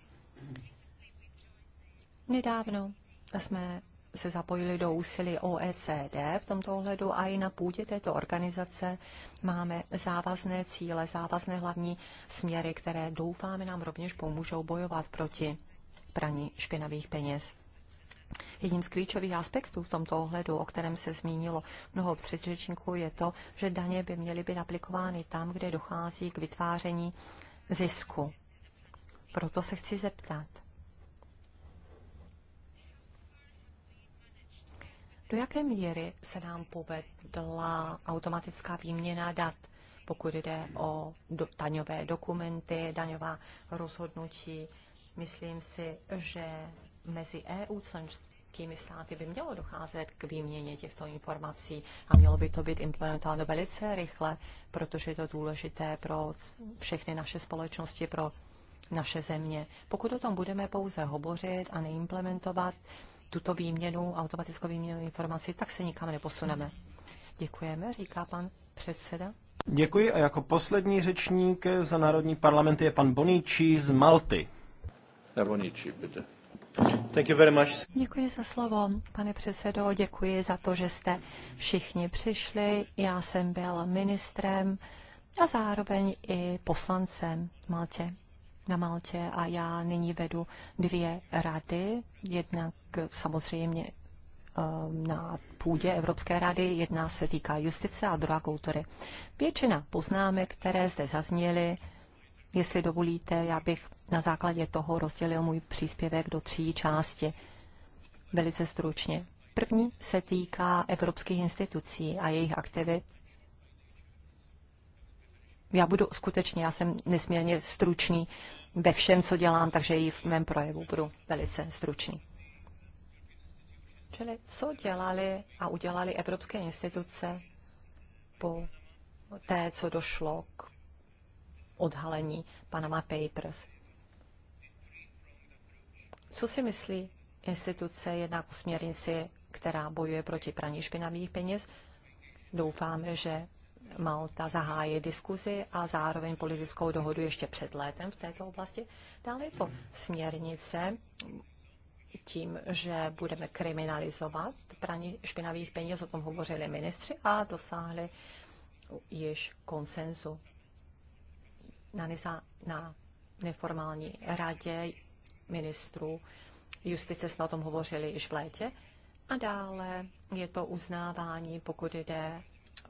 Nedávno jsme se zapojili do úsilí OECD v tomto ohledu a i na půdě této organizace máme závazné cíle, závazné hlavní směry, které doufáme nám rovněž pomůžou bojovat proti praní špinavých peněz. Jedním z klíčových aspektů v tomto ohledu, o kterém se zmínilo mnoho předřečníků, je to, že daně by měly být aplikovány tam, kde dochází k vytváření zisku. Proto se chci zeptat. Do jaké míry se nám povedla automatická výměna dat, pokud jde o daňové dokumenty, daňová rozhodnutí, Myslím si, že mezi EU členskými státy by mělo docházet k výměně těchto informací a mělo by to být implementováno velice rychle, protože je to důležité pro všechny naše společnosti, pro naše země. Pokud o tom budeme pouze hovořit a neimplementovat tuto výměnu, automatickou výměnu informací, tak se nikam neposuneme. Děkujeme, říká pan předseda. Děkuji a jako poslední řečník za Národní parlamenty je pan Boníčí z Malty ničí bitte. Thank you very much. Děkuji za slovo, pane předsedo. Děkuji za to, že jste všichni přišli. Já jsem byl ministrem a zároveň i poslancem Maltě, na Maltě a já nyní vedu dvě rady. Jednak samozřejmě ehm, na půdě Evropské rady. Jedna se týká justice a druhá kultury. Většina poznámek, které zde zazněly, Jestli dovolíte, já bych na základě toho rozdělil můj příspěvek do tří části. Velice stručně. První se týká evropských institucí a jejich aktivit. Já budu skutečně, já jsem nesmírně stručný ve všem, co dělám, takže i v mém projevu budu velice stručný. Čili co dělali a udělali evropské instituce po té, co došlo k odhalení Panama Papers. Co si myslí instituce jednak u směrnici, která bojuje proti praní špinavých peněz? Doufáme, že Malta zahájí diskuzi a zároveň politickou dohodu ještě před létem v této oblasti. Dále je to směrnice tím, že budeme kriminalizovat praní špinavých peněz, o tom hovořili ministři a dosáhli již konsenzu na, neza, na neformální radě ministrů justice jsme o tom hovořili již v létě. A dále je to uznávání, pokud jde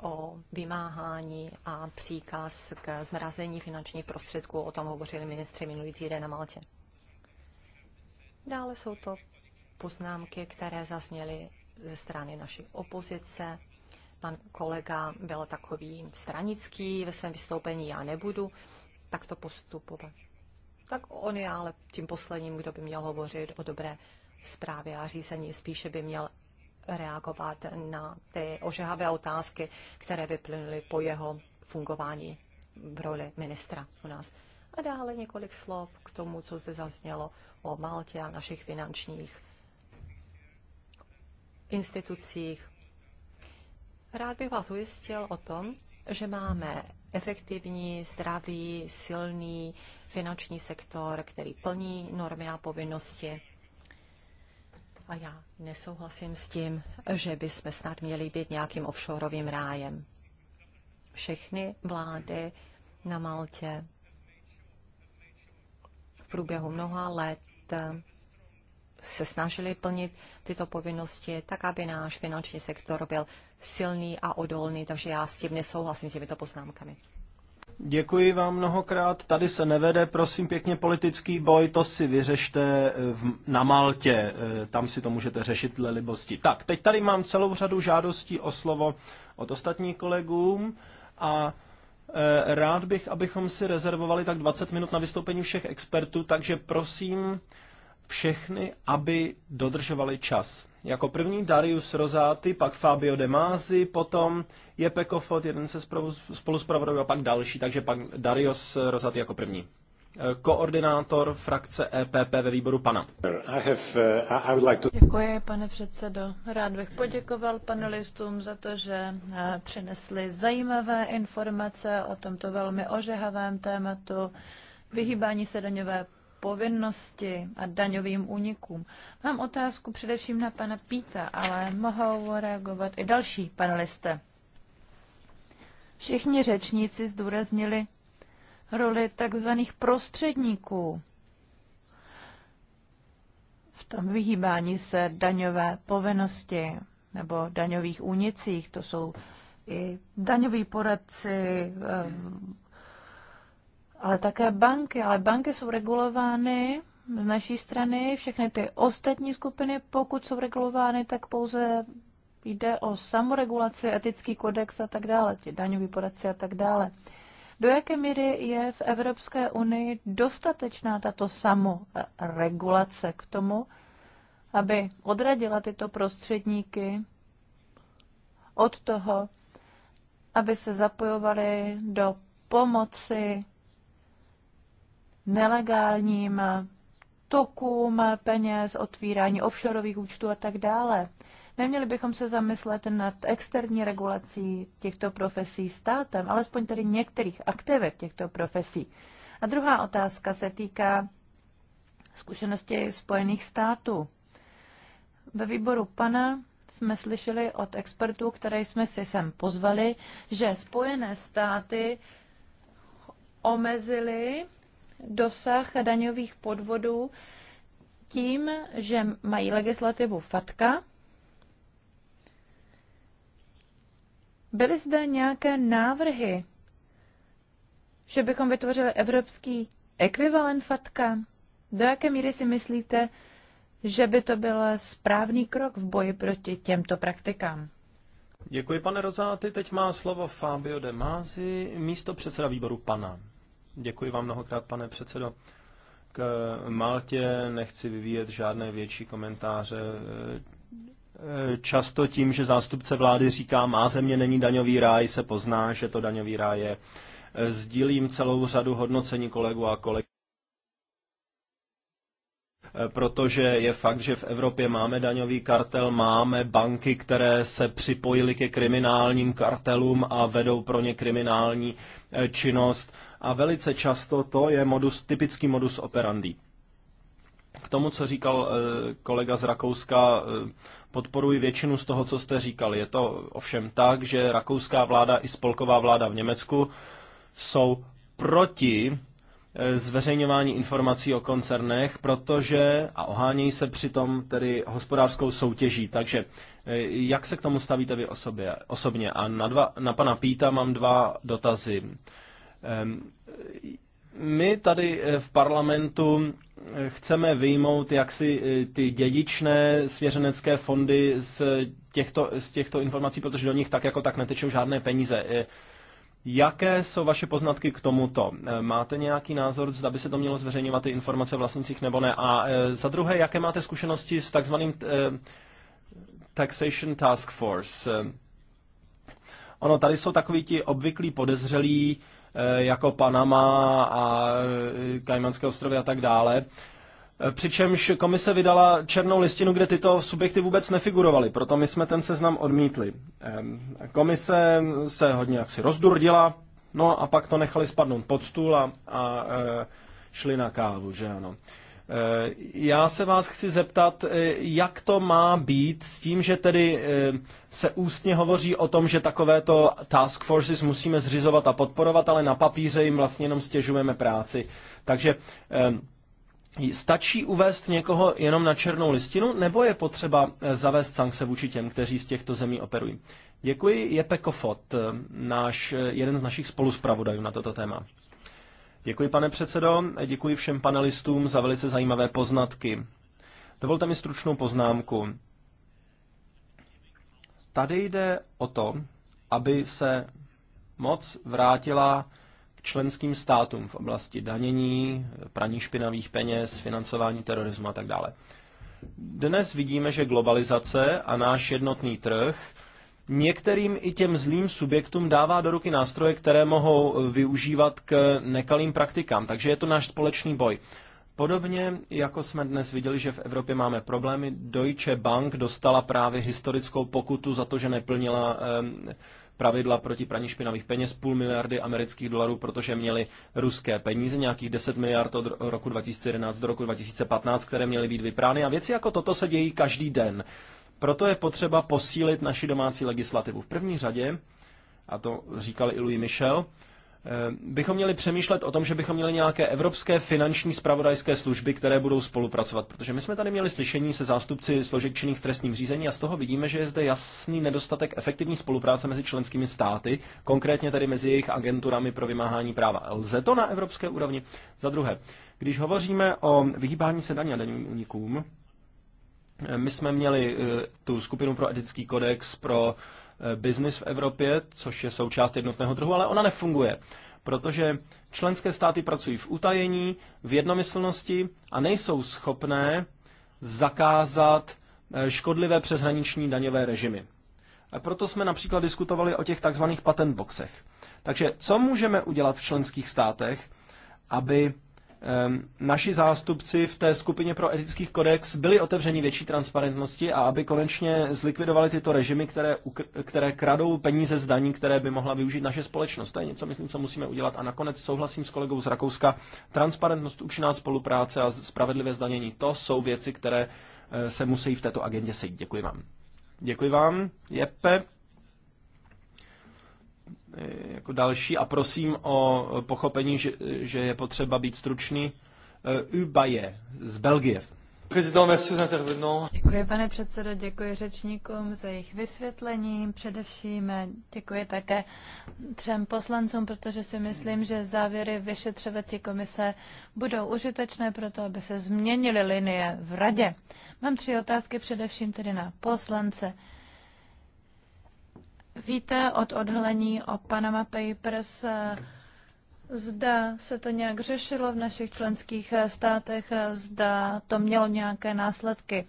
o vymáhání a příkaz k zmrazení finančních prostředků. O tom hovořili ministři minulý týden na Maltě. Dále jsou to poznámky, které zazněly ze strany naší opozice. Pan kolega byl takový stranický ve svém vystoupení, já nebudu takto postupovat. Tak on je ale tím posledním, kdo by měl hovořit o dobré zprávě a řízení. Spíše by měl reagovat na ty ožehavé otázky, které vyplynuly po jeho fungování v roli ministra u nás. A dále několik slov k tomu, co zde zaznělo o Maltě a našich finančních institucích. Rád bych vás ujistil o tom, že máme efektivní, zdravý, silný finanční sektor, který plní normy a povinnosti. A já nesouhlasím s tím, že by jsme snad měli být nějakým offshoreovým rájem. Všechny vlády na Maltě v průběhu mnoha let se snažili plnit tyto povinnosti tak, aby náš finanční sektor byl silný a odolný, takže já s tím nesouhlasím s těmito poznámkami. Děkuji vám mnohokrát. Tady se nevede, prosím pěkně, politický boj, to si vyřešte eh, v, na Maltě, eh, tam si to můžete řešit dle libosti. Tak, teď tady mám celou řadu žádostí o slovo od ostatních kolegům a e, rád bych, abychom si rezervovali tak 20 minut na vystoupení všech expertů, takže prosím všechny, aby dodržovali čas. Jako první Darius Rozáty, pak Fabio De Masi, potom je Pekofot, jeden se s a pak další, takže pak Darius Rozáty jako první. Eh, koordinátor frakce EPP ve výboru pana. Eh, Děkuji, pane předsedo. Rád bych poděkoval panelistům za to, že eh, přinesli zajímavé informace o tomto velmi ožehavém tématu vyhýbání se daňové povinnosti a daňovým únikům. Mám otázku především na pana Píta, ale mohou reagovat i další panelisté. Všichni řečníci zdůraznili roli takzvaných prostředníků v tom vyhýbání se daňové povinnosti nebo daňových únicích. To jsou i daňoví poradci, ale také banky. Ale banky jsou regulovány z naší strany, všechny ty ostatní skupiny, pokud jsou regulovány, tak pouze jde o samoregulaci, etický kodex a tak dále, daňový poradci a tak dále. Do jaké míry je v Evropské unii dostatečná tato samoregulace k tomu, aby odradila tyto prostředníky od toho, aby se zapojovali do pomoci nelegálním tokům peněz, otvírání offshoreových účtů a tak dále. Neměli bychom se zamyslet nad externí regulací těchto profesí státem, alespoň tedy některých aktivit těchto profesí. A druhá otázka se týká zkušenosti Spojených států. Ve výboru pana jsme slyšeli od expertů, které jsme si sem pozvali, že Spojené státy omezily dosah daňových podvodů tím, že mají legislativu FATKA. Byly zde nějaké návrhy, že bychom vytvořili evropský ekvivalent FATKA? Do jaké míry si myslíte, že by to byl správný krok v boji proti těmto praktikám? Děkuji, pane Rozáty. Teď má slovo Fabio De Masi, místo předseda výboru pana. Děkuji vám mnohokrát, pane předsedo. K Maltě nechci vyvíjet žádné větší komentáře. Často tím, že zástupce vlády říká, má země není daňový ráj, se pozná, že to daňový ráj je. Sdílím celou řadu hodnocení kolegů a kolegů protože je fakt, že v Evropě máme daňový kartel, máme banky, které se připojily ke kriminálním kartelům a vedou pro ně kriminální činnost a velice často to je modus, typický modus operandi. K tomu, co říkal eh, kolega z Rakouska, eh, podporuji většinu z toho, co jste říkal. Je to ovšem tak, že rakouská vláda i spolková vláda v Německu jsou proti eh, zveřejňování informací o koncernech, protože a ohánějí se přitom tedy hospodářskou soutěží. Takže jak se k tomu stavíte vy osobě, osobně? A na, dva, na pana Píta mám dva dotazy. Ehm, my tady eh, v parlamentu eh, chceme vyjmout jaksi eh, ty dědičné svěřenecké fondy z těchto, z těchto informací, protože do nich tak jako tak netečou žádné peníze. Jaké jsou vaše poznatky k tomuto? Máte nějaký názor, zda by se to mělo zveřejňovat ty informace o vlastnicích nebo ne? A za druhé, jaké máte zkušenosti s takzvaným Taxation Task Force? Ono, tady jsou takový ti obvyklí podezřelí, Eh, jako Panama a eh, Kajmanské ostrovy a tak dále. Eh, přičemž komise vydala černou listinu, kde tyto subjekty vůbec nefigurovaly, proto my jsme ten seznam odmítli. Komise se hodně jaksi rozdurdila, no a pak to nechali spadnout pod stůl a, a šli na kávu, že ano. Eh, já se vás chci zeptat, eh, jak to má být s tím, že tedy eh, se ústně hovoří o tom, že takovéto task forces musíme zřizovat a podporovat, ale na papíře jim vlastně jenom stěžujeme práci. Takže stačí uvést někoho jenom na černou listinu, nebo je potřeba zavést sankce vůči těm, kteří z těchto zemí operují? Děkuji, je Pekofot, náš, jeden z našich spoluspravodajů na toto téma. Děkuji, pane předsedo, děkuji všem panelistům za velice zajímavé poznatky. Dovolte mi stručnou poznámku. Tady jde o to, aby se moc vrátila k členským státům v oblasti danění, praní špinavých peněz, financování terorismu a tak dále. Dnes vidíme, že globalizace a náš jednotný trh některým i těm zlým subjektům dává do ruky nástroje, které mohou eh, využívat k nekalým praktikám. Takže je to náš společný boj. Podobně, jako jsme dnes viděli, že v Evropě máme problémy, Deutsche Bank dostala právě historickou pokutu za to, že neplnila ehm, pravidla proti praní špinavých peněz, půl miliardy amerických dolarů, protože měli ruské peníze, nějakých 10 miliard od roku 2011 do roku 2015, které měly být vyprány. A věci jako toto se dějí každý den. Proto je potřeba posílit naši domácí legislativu. V první řadě, a to říkal i Louis Michel, eh, bychom měli přemýšlet o tom, že bychom měli nějaké evropské finanční spravodajské služby, které budou spolupracovat, protože my jsme tady měli slyšení se zástupci složek činných v trestním řízení a z toho vidíme, že je zde jasný nedostatek efektivní spolupráce mezi členskými státy, konkrétně tedy mezi jejich agenturami pro vymáhání práva. Lze to na evropské úrovni? Za druhé, když hovoříme o vyhýbání se daní a daním únikům, my jsme měli eh, tu skupinu pro etický kodex pro eh, biznis v Evropě, což je součást jednotného trhu, ale ona nefunguje, protože členské státy pracují v utajení, v jednomyslnosti a nejsou schopné zakázat eh, škodlivé přeshraniční daňové režimy. A proto jsme například diskutovali o těch takzvaných patentboxech. Takže co můžeme udělat v členských státech, aby Ehm, naši zástupci v té skupině pro etický kodex byli otevřeni větší transparentnosti a aby konečně zlikvidovali tyto režimy, které, které kradou peníze z daní, které by mohla využít naše společnost. To je něco, myslím, co musíme udělat. A nakonec souhlasím s kolegou z Rakouska. Transparentnost, účinná spolupráce a spravedlivé zdanění, to jsou věci, které eh, se musí v této agendě sejít. Děkuji vám. Děkuji vám, Jepe. Eh, jako další a prosím o pochopení, že, že je potřeba být stručný. Eh, Ubaje z Belgie. Děkuji, pane předsedo, děkuji řečníkům za jejich vysvětlení. Především eh, děkuji také třem poslancům, protože si myslím, že závěry vyšetřovací komise budou užitečné pro to, aby se změnily linie v radě. Mám tři otázky především tedy na poslance. Víte od odhalení o Panama Papers, eh, zda se to nějak řešilo v našich členských eh, státech, eh, zda to mělo nějaké následky.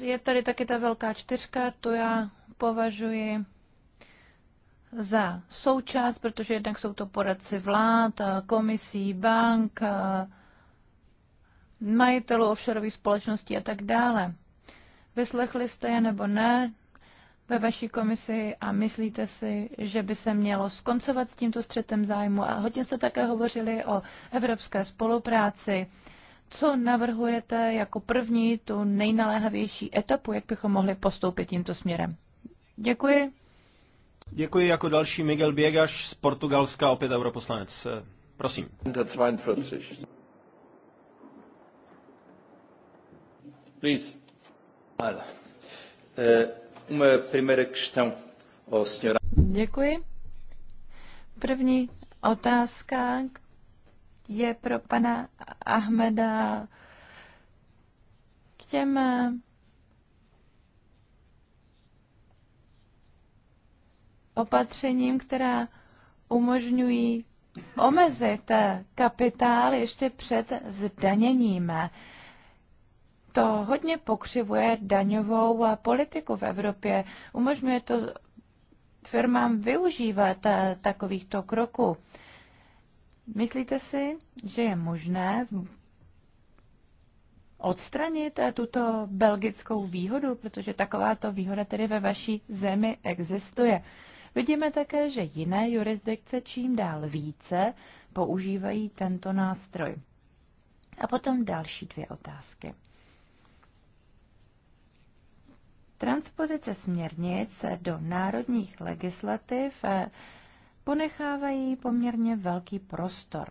Je tady taky ta velká čtyřka, tu já považuji za součást, protože jednak jsou to poradci vlád, komisí, bank, majitelů offshoreových společností a tak dále. Vyslechli jste je nebo ne, ve vaší komisi a myslíte si, že by se mělo skoncovat s tímto střetem zájmu? A hodně jste také hovořili o evropské spolupráci. Co navrhujete jako první, tu nejnaléhavější etapu, jak bychom mohli postoupit tímto směrem? Děkuji. Děkuji jako další Miguel Biegaš z Portugalska, opět europoslanec. Prosím. 42. Please. Uh, Uma primeira questão ao Děkuji. První otázka je pro pana Ahmeda k těm eh, opatřením, která umožňují omezit kapitál ještě před zdaněním to hodně pokřivuje daňovou politiku v Evropě. Umožňuje to firmám využívat eh, takovýchto kroků. Myslíte si, že je možné odstranit eh, tuto belgickou výhodu, protože takováto výhoda tedy ve vaší zemi existuje. Vidíme také, že jiné jurisdikce čím dál více používají tento nástroj. A potom další dvě otázky. Transpozice směrnic do národních legislativ eh, ponechávají poměrně velký prostor.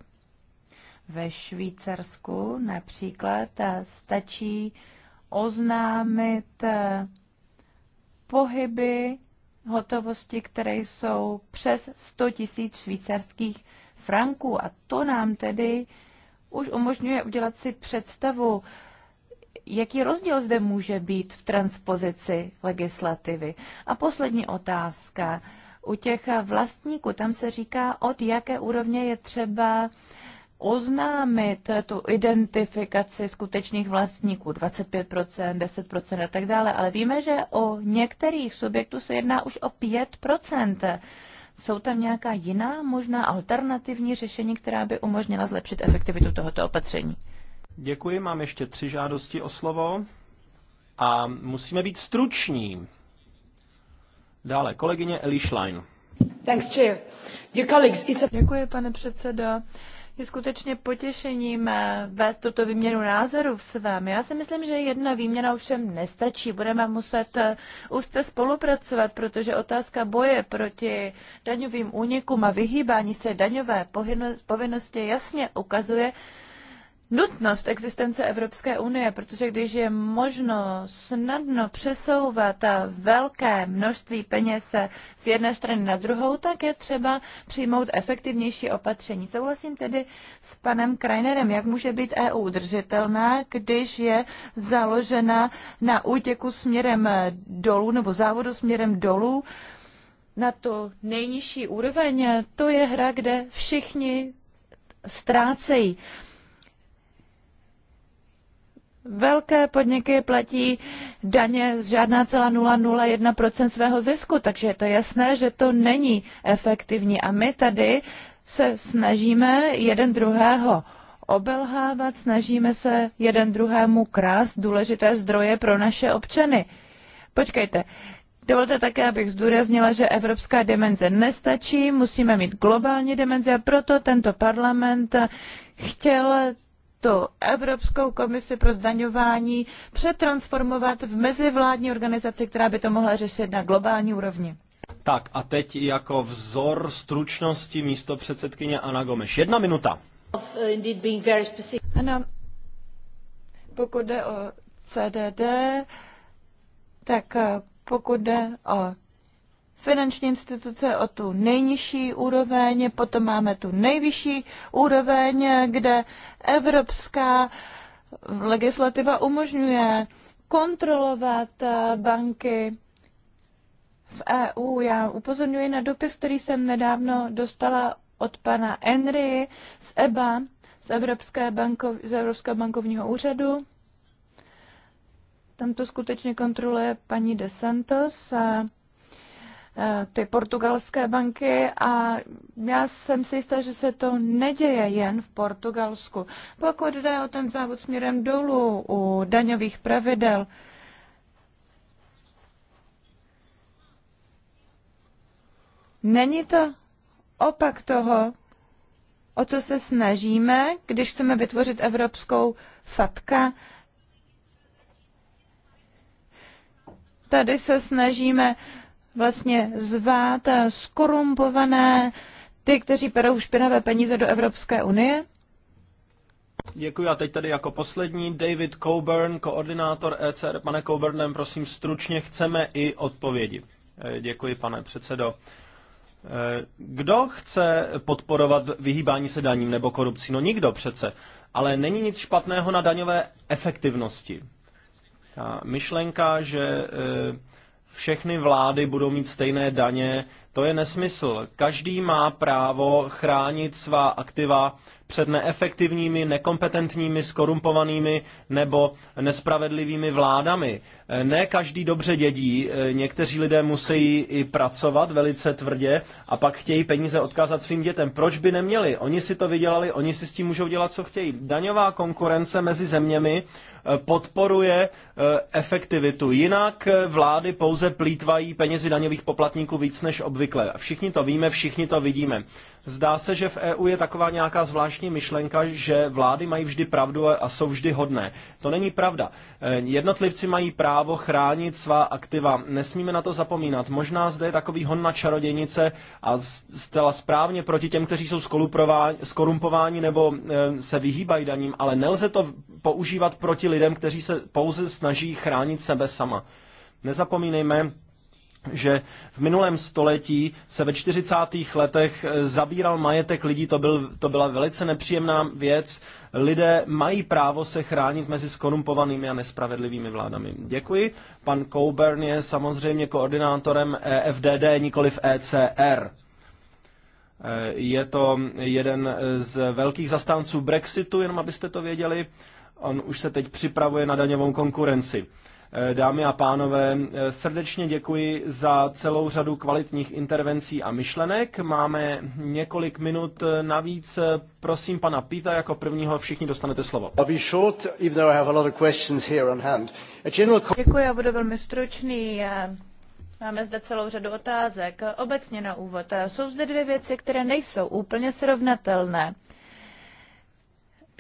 Ve Švýcarsku například eh, stačí oznámit eh, pohyby hotovosti, které jsou přes 100 000 švýcarských franků. A to nám tedy už umožňuje udělat si představu jaký rozdíl zde může být v transpozici legislativy. A poslední otázka. U těch vlastníků, tam se říká, od jaké úrovně je třeba oznámit tu identifikaci skutečných vlastníků, 25%, 10% a tak dále, ale víme, že o některých subjektů se jedná už o 5%. Jsou tam nějaká jiná možná alternativní řešení, která by umožnila zlepšit efektivitu tohoto opatření? Děkuji, mám ještě tři žádosti o slovo a musíme být struční. Dále kolegyně Eli Schlein. Thanks, chair. Dear colleagues, it's a... Děkuji, pane předsedo. Je skutečně potěšením eh, vést tuto výměnu názorů v vámi. Já si myslím, že jedna výměna ovšem nestačí. Budeme muset úzce eh, spolupracovat, protože otázka boje proti daňovým únikům a vyhýbání se daňové povinnosti jasně ukazuje, nutnost existence Evropské unie, protože když je možno snadno přesouvat velké množství peněz z jedné strany na druhou, tak je třeba přijmout efektivnější opatření. Souhlasím tedy s panem Krajnerem, jak může být EU udržitelná, když je založena na útěku směrem dolů nebo závodu směrem dolů na tu nejnižší úroveň. To je hra, kde všichni ztrácejí. Velké podniky platí daně z žádná celá 0,01% svého zisku, takže je to jasné, že to není efektivní. A my tady se snažíme jeden druhého obelhávat, snažíme se jeden druhému krást důležité zdroje pro naše občany. Počkejte, Dovolte také, abych zdůraznila, že evropská dimenze nestačí, musíme mít globální dimenze a proto tento parlament chtěl tu Evropskou komisi pro zdaňování přetransformovat v mezivládní organizaci, která by to mohla řešit na globální úrovni. Tak a teď jako vzor stručnosti místo předsedkyně Ana Gomes. Jedna minuta. Uh, ano, pokud jde o CDD, tak uh, pokud jde o finanční instituce o tu nejnižší úroveň, potom máme tu nejvyšší úroveň, kde evropská legislativa umožňuje kontrolovat eh, banky v EU. Já upozorňuji na dopis, který jsem nedávno dostala od pana Henry z EBA, z, Evropské banko, z Evropského bankovního úřadu. Tam to skutečně kontroluje paní De Santos. A eh, Eh, ty portugalské banky a já jsem si jistá, že se to neděje jen v Portugalsku. Pokud jde o ten závod směrem dolů u daňových pravidel, není to opak toho, o co se snažíme, když chceme vytvořit evropskou fatka, Tady se snažíme vlastně zvát eh, skorumpované ty, kteří perou špinavé peníze do Evropské unie? Děkuji a teď tady jako poslední David Coburn, koordinátor ECR. Pane Coburnem, prosím stručně, chceme i odpovědi. Eh, děkuji, pane předsedo. Eh, kdo chce podporovat vyhýbání se daním nebo korupcí? No nikdo přece. Ale není nic špatného na daňové efektivnosti. Ta myšlenka, že všechny vlády budou mít stejné daně to je nesmysl. Každý má právo chránit svá aktiva před neefektivními, nekompetentními, skorumpovanými nebo nespravedlivými vládami. Ne každý dobře dědí, někteří lidé musí i pracovat velice tvrdě a pak chtějí peníze odkázat svým dětem. Proč by neměli? Oni si to vydělali, oni si s tím můžou dělat, co chtějí. Daňová konkurence mezi zeměmi eh, podporuje eh, efektivitu. Jinak eh, vlády pouze plítvají penězi daňových poplatníků víc než obvykle obvykle. Všichni to víme, všichni to vidíme. Zdá se, že v EU je taková nějaká zvláštní myšlenka, že vlády mají vždy pravdu a jsou vždy hodné. To není pravda. Eh, jednotlivci mají právo chránit svá aktiva. Nesmíme na to zapomínat. Možná zde je takový hon na čarodějnice a zcela správně proti těm, kteří jsou skorumpováni nebo eh, se vyhýbají daním, ale nelze to používat proti lidem, kteří se pouze snaží chránit sebe sama. Nezapomínejme, že v minulém století se ve 40. letech eh, zabíral majetek lidí, to, byl, to byla velice nepříjemná věc. Lidé mají právo se chránit mezi skorumpovanými a nespravedlivými vládami. Děkuji. Pan Coburn je samozřejmě koordinátorem eh, FDD, nikoli v ECR. Eh, je to jeden z velkých zastánců Brexitu, jenom abyste to věděli. On už se teď připravuje na daňovou konkurenci. Eh, dámy a pánové, eh, srdečně děkuji za celou řadu kvalitních intervencí a myšlenek. Máme několik minut eh, navíc. Prosím pana Píta, jako prvního všichni dostanete slovo. Děkuji, já budu velmi stručný. Máme zde celou řadu otázek. Obecně na úvod. Jsou zde dvě věci, které nejsou úplně srovnatelné.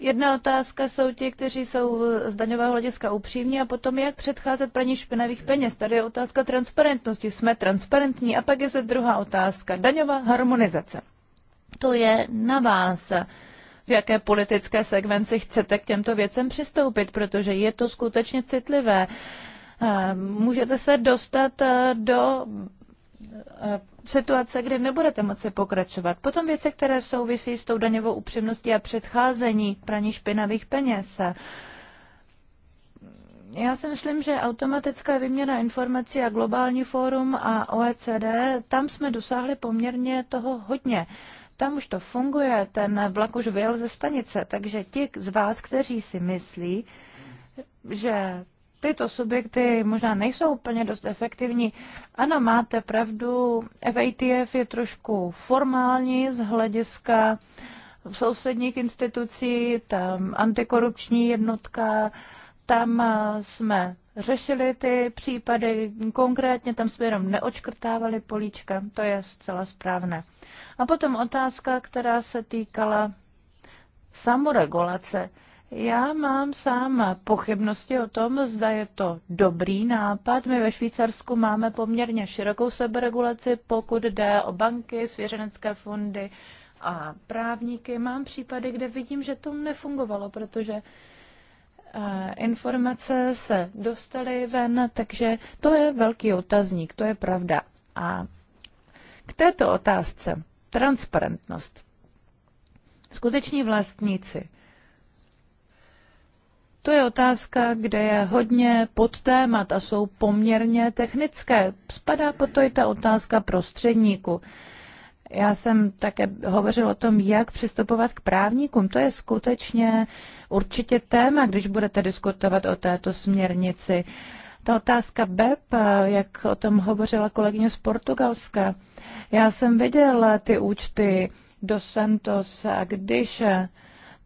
Jedna otázka jsou ti, kteří jsou z daňového hlediska upřímní a potom jak předcházet praní špinavých peněz. Tady je otázka transparentnosti. Jsme transparentní a pak je zde druhá otázka. Daňová harmonizace. To je na vás, v jaké politické segmenci chcete k těmto věcem přistoupit, protože je to skutečně citlivé. Eh, můžete se dostat eh, do eh, situace, kdy nebudete moci pokračovat. Potom věci, které souvisí s tou daňovou upřímností a předcházení praní špinavých peněz. Já si myslím, že automatická výměna informací a globální fórum a OECD, tam jsme dosáhli poměrně toho hodně. Tam už to funguje, ten vlak už vyjel ze stanice, takže ti z vás, kteří si myslí, že tyto subjekty možná nejsou úplně dost efektivní. Ano, máte pravdu, FATF je trošku formální z hlediska sousedních institucí, tam antikorupční jednotka, tam jsme řešili ty případy, konkrétně tam jsme jenom neočkrtávali políčka, to je zcela správné. A potom otázka, která se týkala samoregulace. Já mám sám pochybnosti o tom, zda je to dobrý nápad. My ve Švýcarsku máme poměrně širokou seberegulaci, pokud jde o banky, svěřenecké fondy a právníky. Mám případy, kde vidím, že to nefungovalo, protože eh, informace se dostaly ven, takže to je velký otazník, to je pravda. A k této otázce transparentnost. Skuteční vlastníci to je otázka, kde je hodně podtémat a jsou poměrně technické. Spadá po to i ta otázka prostředníku. Já jsem také hovořil o tom, jak přistupovat k právníkům. To je skutečně určitě téma, když budete diskutovat o této směrnici. Ta otázka BEP, jak o tom hovořila kolegyně z Portugalska, já jsem viděl ty účty do Santos a když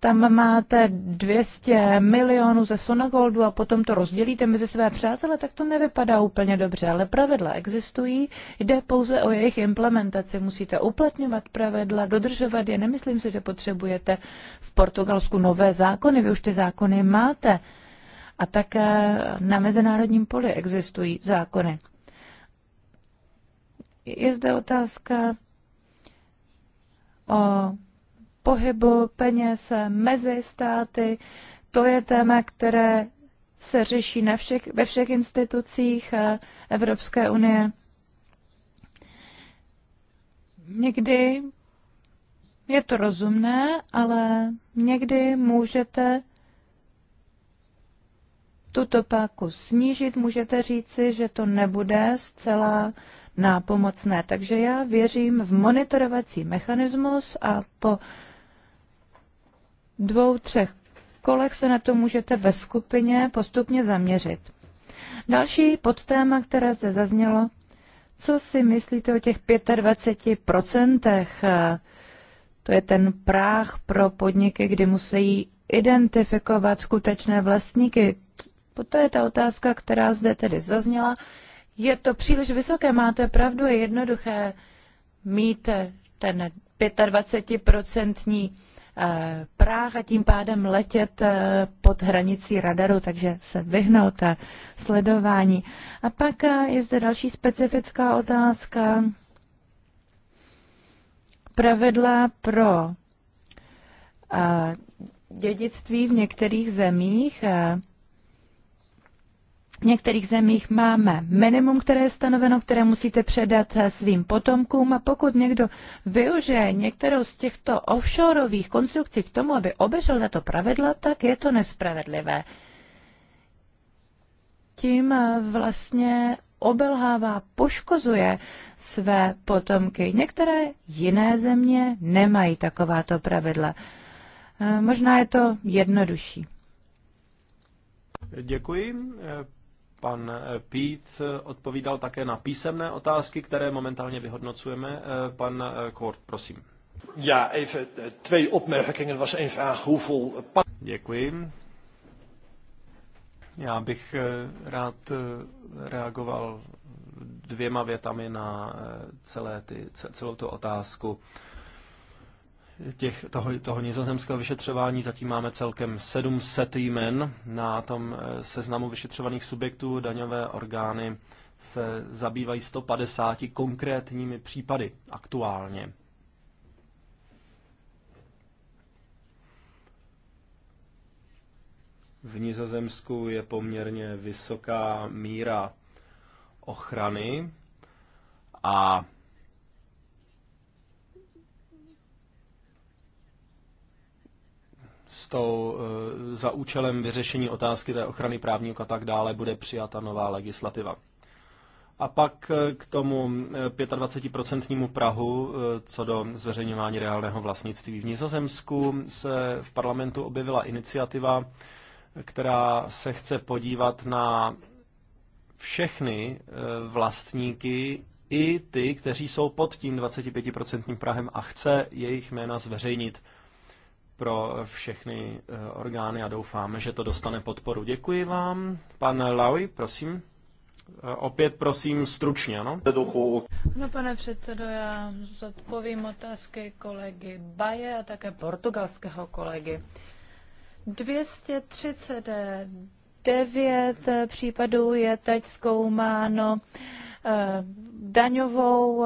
tam máte 200 milionů ze Sonagoldu a potom to rozdělíte mezi své přátele, tak to nevypadá úplně dobře, ale pravidla existují, jde pouze o jejich implementaci. Musíte uplatňovat pravidla, dodržovat je. Nemyslím si, že potřebujete v Portugalsku nové zákony, vy už ty zákony máte. A také na mezinárodním poli existují zákony. Je zde otázka o pohybu peněz mezi státy. To je téma, které se řeší na všech, ve všech institucích eh, Evropské unie. Někdy je to rozumné, ale někdy můžete tuto páku snížit, můžete říci, že to nebude zcela nápomocné. Takže já věřím v monitorovací mechanismus a po dvou, třech kolech se na to můžete ve skupině postupně zaměřit. Další podtéma, které zde zaznělo, co si myslíte o těch 25%? To je ten práh pro podniky, kdy musí identifikovat skutečné vlastníky. To je ta otázka, která zde tedy zazněla. Je to příliš vysoké, máte pravdu, je jednoduché mít ten 25% Eh, práh a tím pádem letět eh, pod hranicí radaru, takže se vyhnout eh, sledování. A pak je zde další specifická otázka. Pravidla pro dědictví v některých zemích v některých zemích máme minimum, které je stanoveno, které musíte předat svým potomkům a pokud někdo využije některou z těchto offshoreových konstrukcí k tomu, aby obešel tato pravidla, tak je to nespravedlivé. Tím vlastně obelhává, poškozuje své potomky. Některé jiné země nemají takováto pravidla. Možná je to jednodušší. Děkuji. Pan eh, Pít eh, odpovídal také na písemné otázky, které momentálně vyhodnocujeme. Eh, pan Kort, prosím. Já, even twee opmerkingen. Er was één vraag, hoeveel... Děkuji. Já bych rád reagoval dvěma větami na celé ty, celou tu otázku těch, toho, toho nizozemského vyšetřování. Zatím máme celkem 700 jmen na tom eh, seznamu vyšetřovaných subjektů. Daňové orgány se zabývají 150 konkrétními případy aktuálně. V Nizozemsku je poměrně vysoká míra ochrany a s tou, eh, za účelem vyřešení otázky té ochrany právníků a tak dále bude přijata nová legislativa. A pak eh, k tomu 25% eh, Prahu, co do zveřejňování reálného vlastnictví. V Nizozemsku se v parlamentu objevila iniciativa, která se chce podívat na všechny vlastníky, i ty, kteří jsou pod tím 25% Prahem a chce jejich jména zveřejnit pro všechny eh, orgány a doufáme, že to dostane podporu. Děkuji vám. Pan Laui, prosím. Eh, opět prosím stručně, ano? No pane předsedo, já zodpovím otázky kolegy Baje a také portugalského kolegy. 239 případů je teď zkoumáno eh, daňovou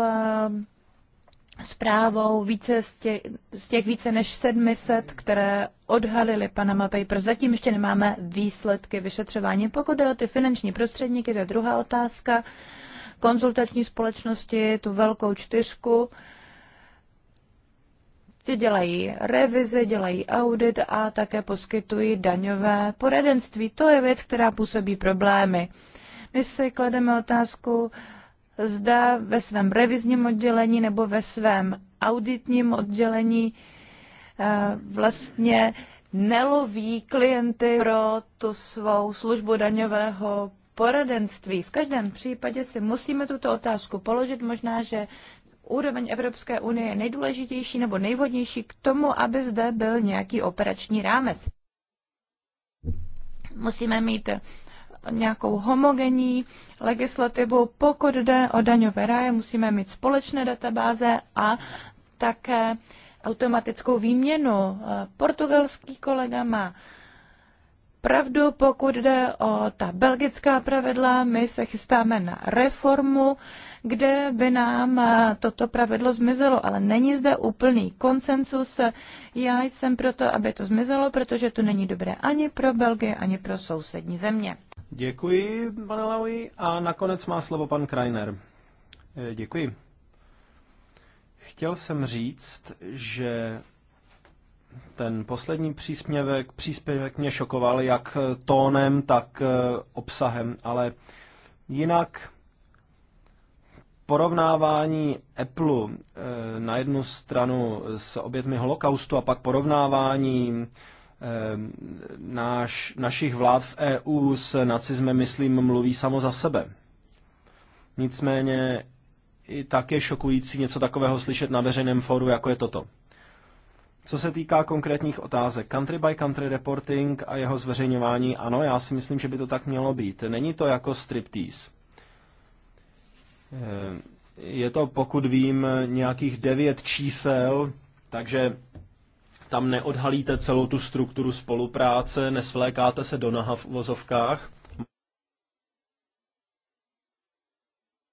zprávou více z těch, z těch více než 700, které odhalili Panama Papers. Zatím ještě nemáme výsledky vyšetřování. Pokud jde o ty finanční prostředníky, to je druhá otázka. Konzultační společnosti, tu velkou čtyřku, ty dělají revizi, dělají audit a také poskytují daňové poradenství. To je věc, která působí problémy. My si klademe otázku, zda ve svém revizním oddělení nebo ve svém auditním oddělení eh, vlastně neloví klienty pro tu svou službu daňového poradenství. V každém případě si musíme tuto otázku položit. Možná, že úroveň Evropské unie je nejdůležitější nebo nejvhodnější k tomu, aby zde byl nějaký operační rámec. Musíme mít nějakou homogenní legislativu. Pokud jde o daňové ráje, musíme mít společné databáze a také automatickou výměnu. Portugalský kolega má pravdu, pokud jde o ta belgická pravidla. My se chystáme na reformu, kde by nám eh, toto pravidlo zmizelo, ale není zde úplný konsensus. Já jsem proto, aby to zmizelo, protože to není dobré ani pro Belgii, ani pro sousední země. Děkuji, pane Laui. A nakonec má slovo pan Krajner. Eh, děkuji. Chtěl jsem říct, že ten poslední příspěvek, příspěvek mě šokoval jak tónem, tak eh, obsahem, ale jinak porovnávání Apple eh, na jednu stranu s obětmi holokaustu a pak porovnávání Ehm, náš, našich vlád v EU s nacismem, myslím, mluví samo za sebe. Nicméně i tak je šokující něco takového slyšet na veřejném fóru, jako je toto. Co se týká konkrétních otázek, country by country reporting a jeho zveřejňování, ano, já si myslím, že by to tak mělo být. Není to jako striptease. Ehm, je to, pokud vím, nějakých devět čísel, takže tam neodhalíte celou tu strukturu spolupráce, nesvlékáte se do naha v vozovkách.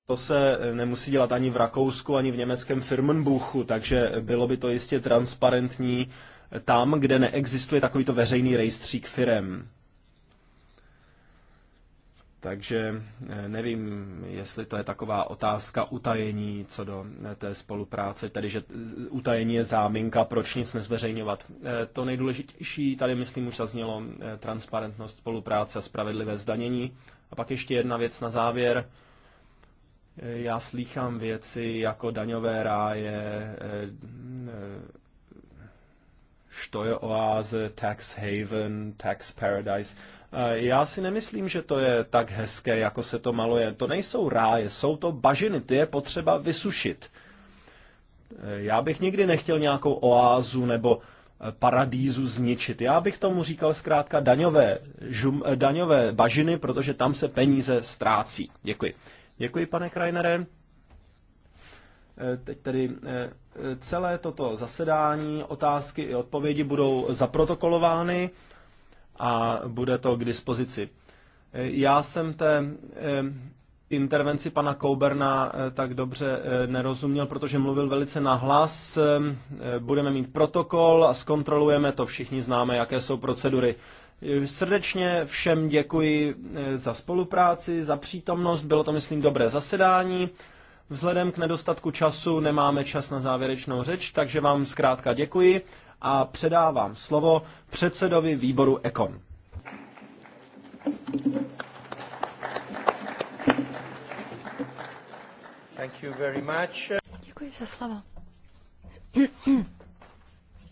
To se nemusí dělat ani v Rakousku, ani v německém Firmenbuchu, takže bylo by to jistě transparentní tam, kde neexistuje takovýto veřejný rejstřík firem. Takže eh, nevím, jestli to je taková otázka utajení co do eh, té spolupráce, tedy že utajení je záminka, proč nic nezveřejňovat. Eh, to nejdůležitější tady, myslím, už zaznělo transparentnost spolupráce a spravedlivé zdanění. A pak ještě jedna věc na závěr. Já slýchám věci jako daňové ráje, je oáze, tax haven, tax paradise – Eh, já si nemyslím, že to je tak hezké, jako se to maluje. To nejsou ráje, jsou to bažiny, ty je potřeba vysušit. Eh, já bych nikdy nechtěl nějakou oázu nebo eh, paradízu zničit. Já bych tomu říkal zkrátka daňové, žum, daňové bažiny, protože tam se peníze ztrácí. Děkuji. Děkuji, pane Krajnere. Teď tedy celé toto zasedání, otázky i odpovědi budou zaprotokolovány a bude to k dispozici. Já jsem té intervenci pana Kouberna eh, tak dobře eh, nerozuměl, protože mluvil velice nahlas. Eh, budeme mít protokol a zkontrolujeme to. Všichni známe, jaké jsou procedury. Srdečně všem děkuji za spolupráci, za přítomnost. Bylo to, myslím, dobré zasedání. Vzhledem k nedostatku času nemáme čas na závěrečnou řeč, takže vám zkrátka děkuji a předávám slovo předsedovi výboru Ekon. Thank you very much. Děkuji za slovo.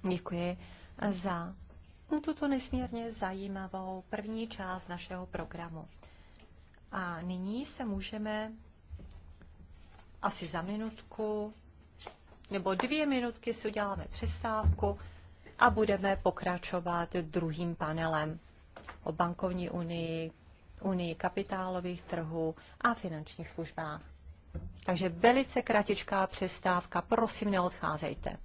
Děkuji za tuto nesmírně zajímavou první část našeho programu. A nyní se můžeme asi za minutku nebo dvě minutky si uděláme přestávku a budeme pokračovat druhým panelem o bankovní unii, unii kapitálových trhů a finančních službách. Takže velice kratičká přestávka, prosím neodcházejte.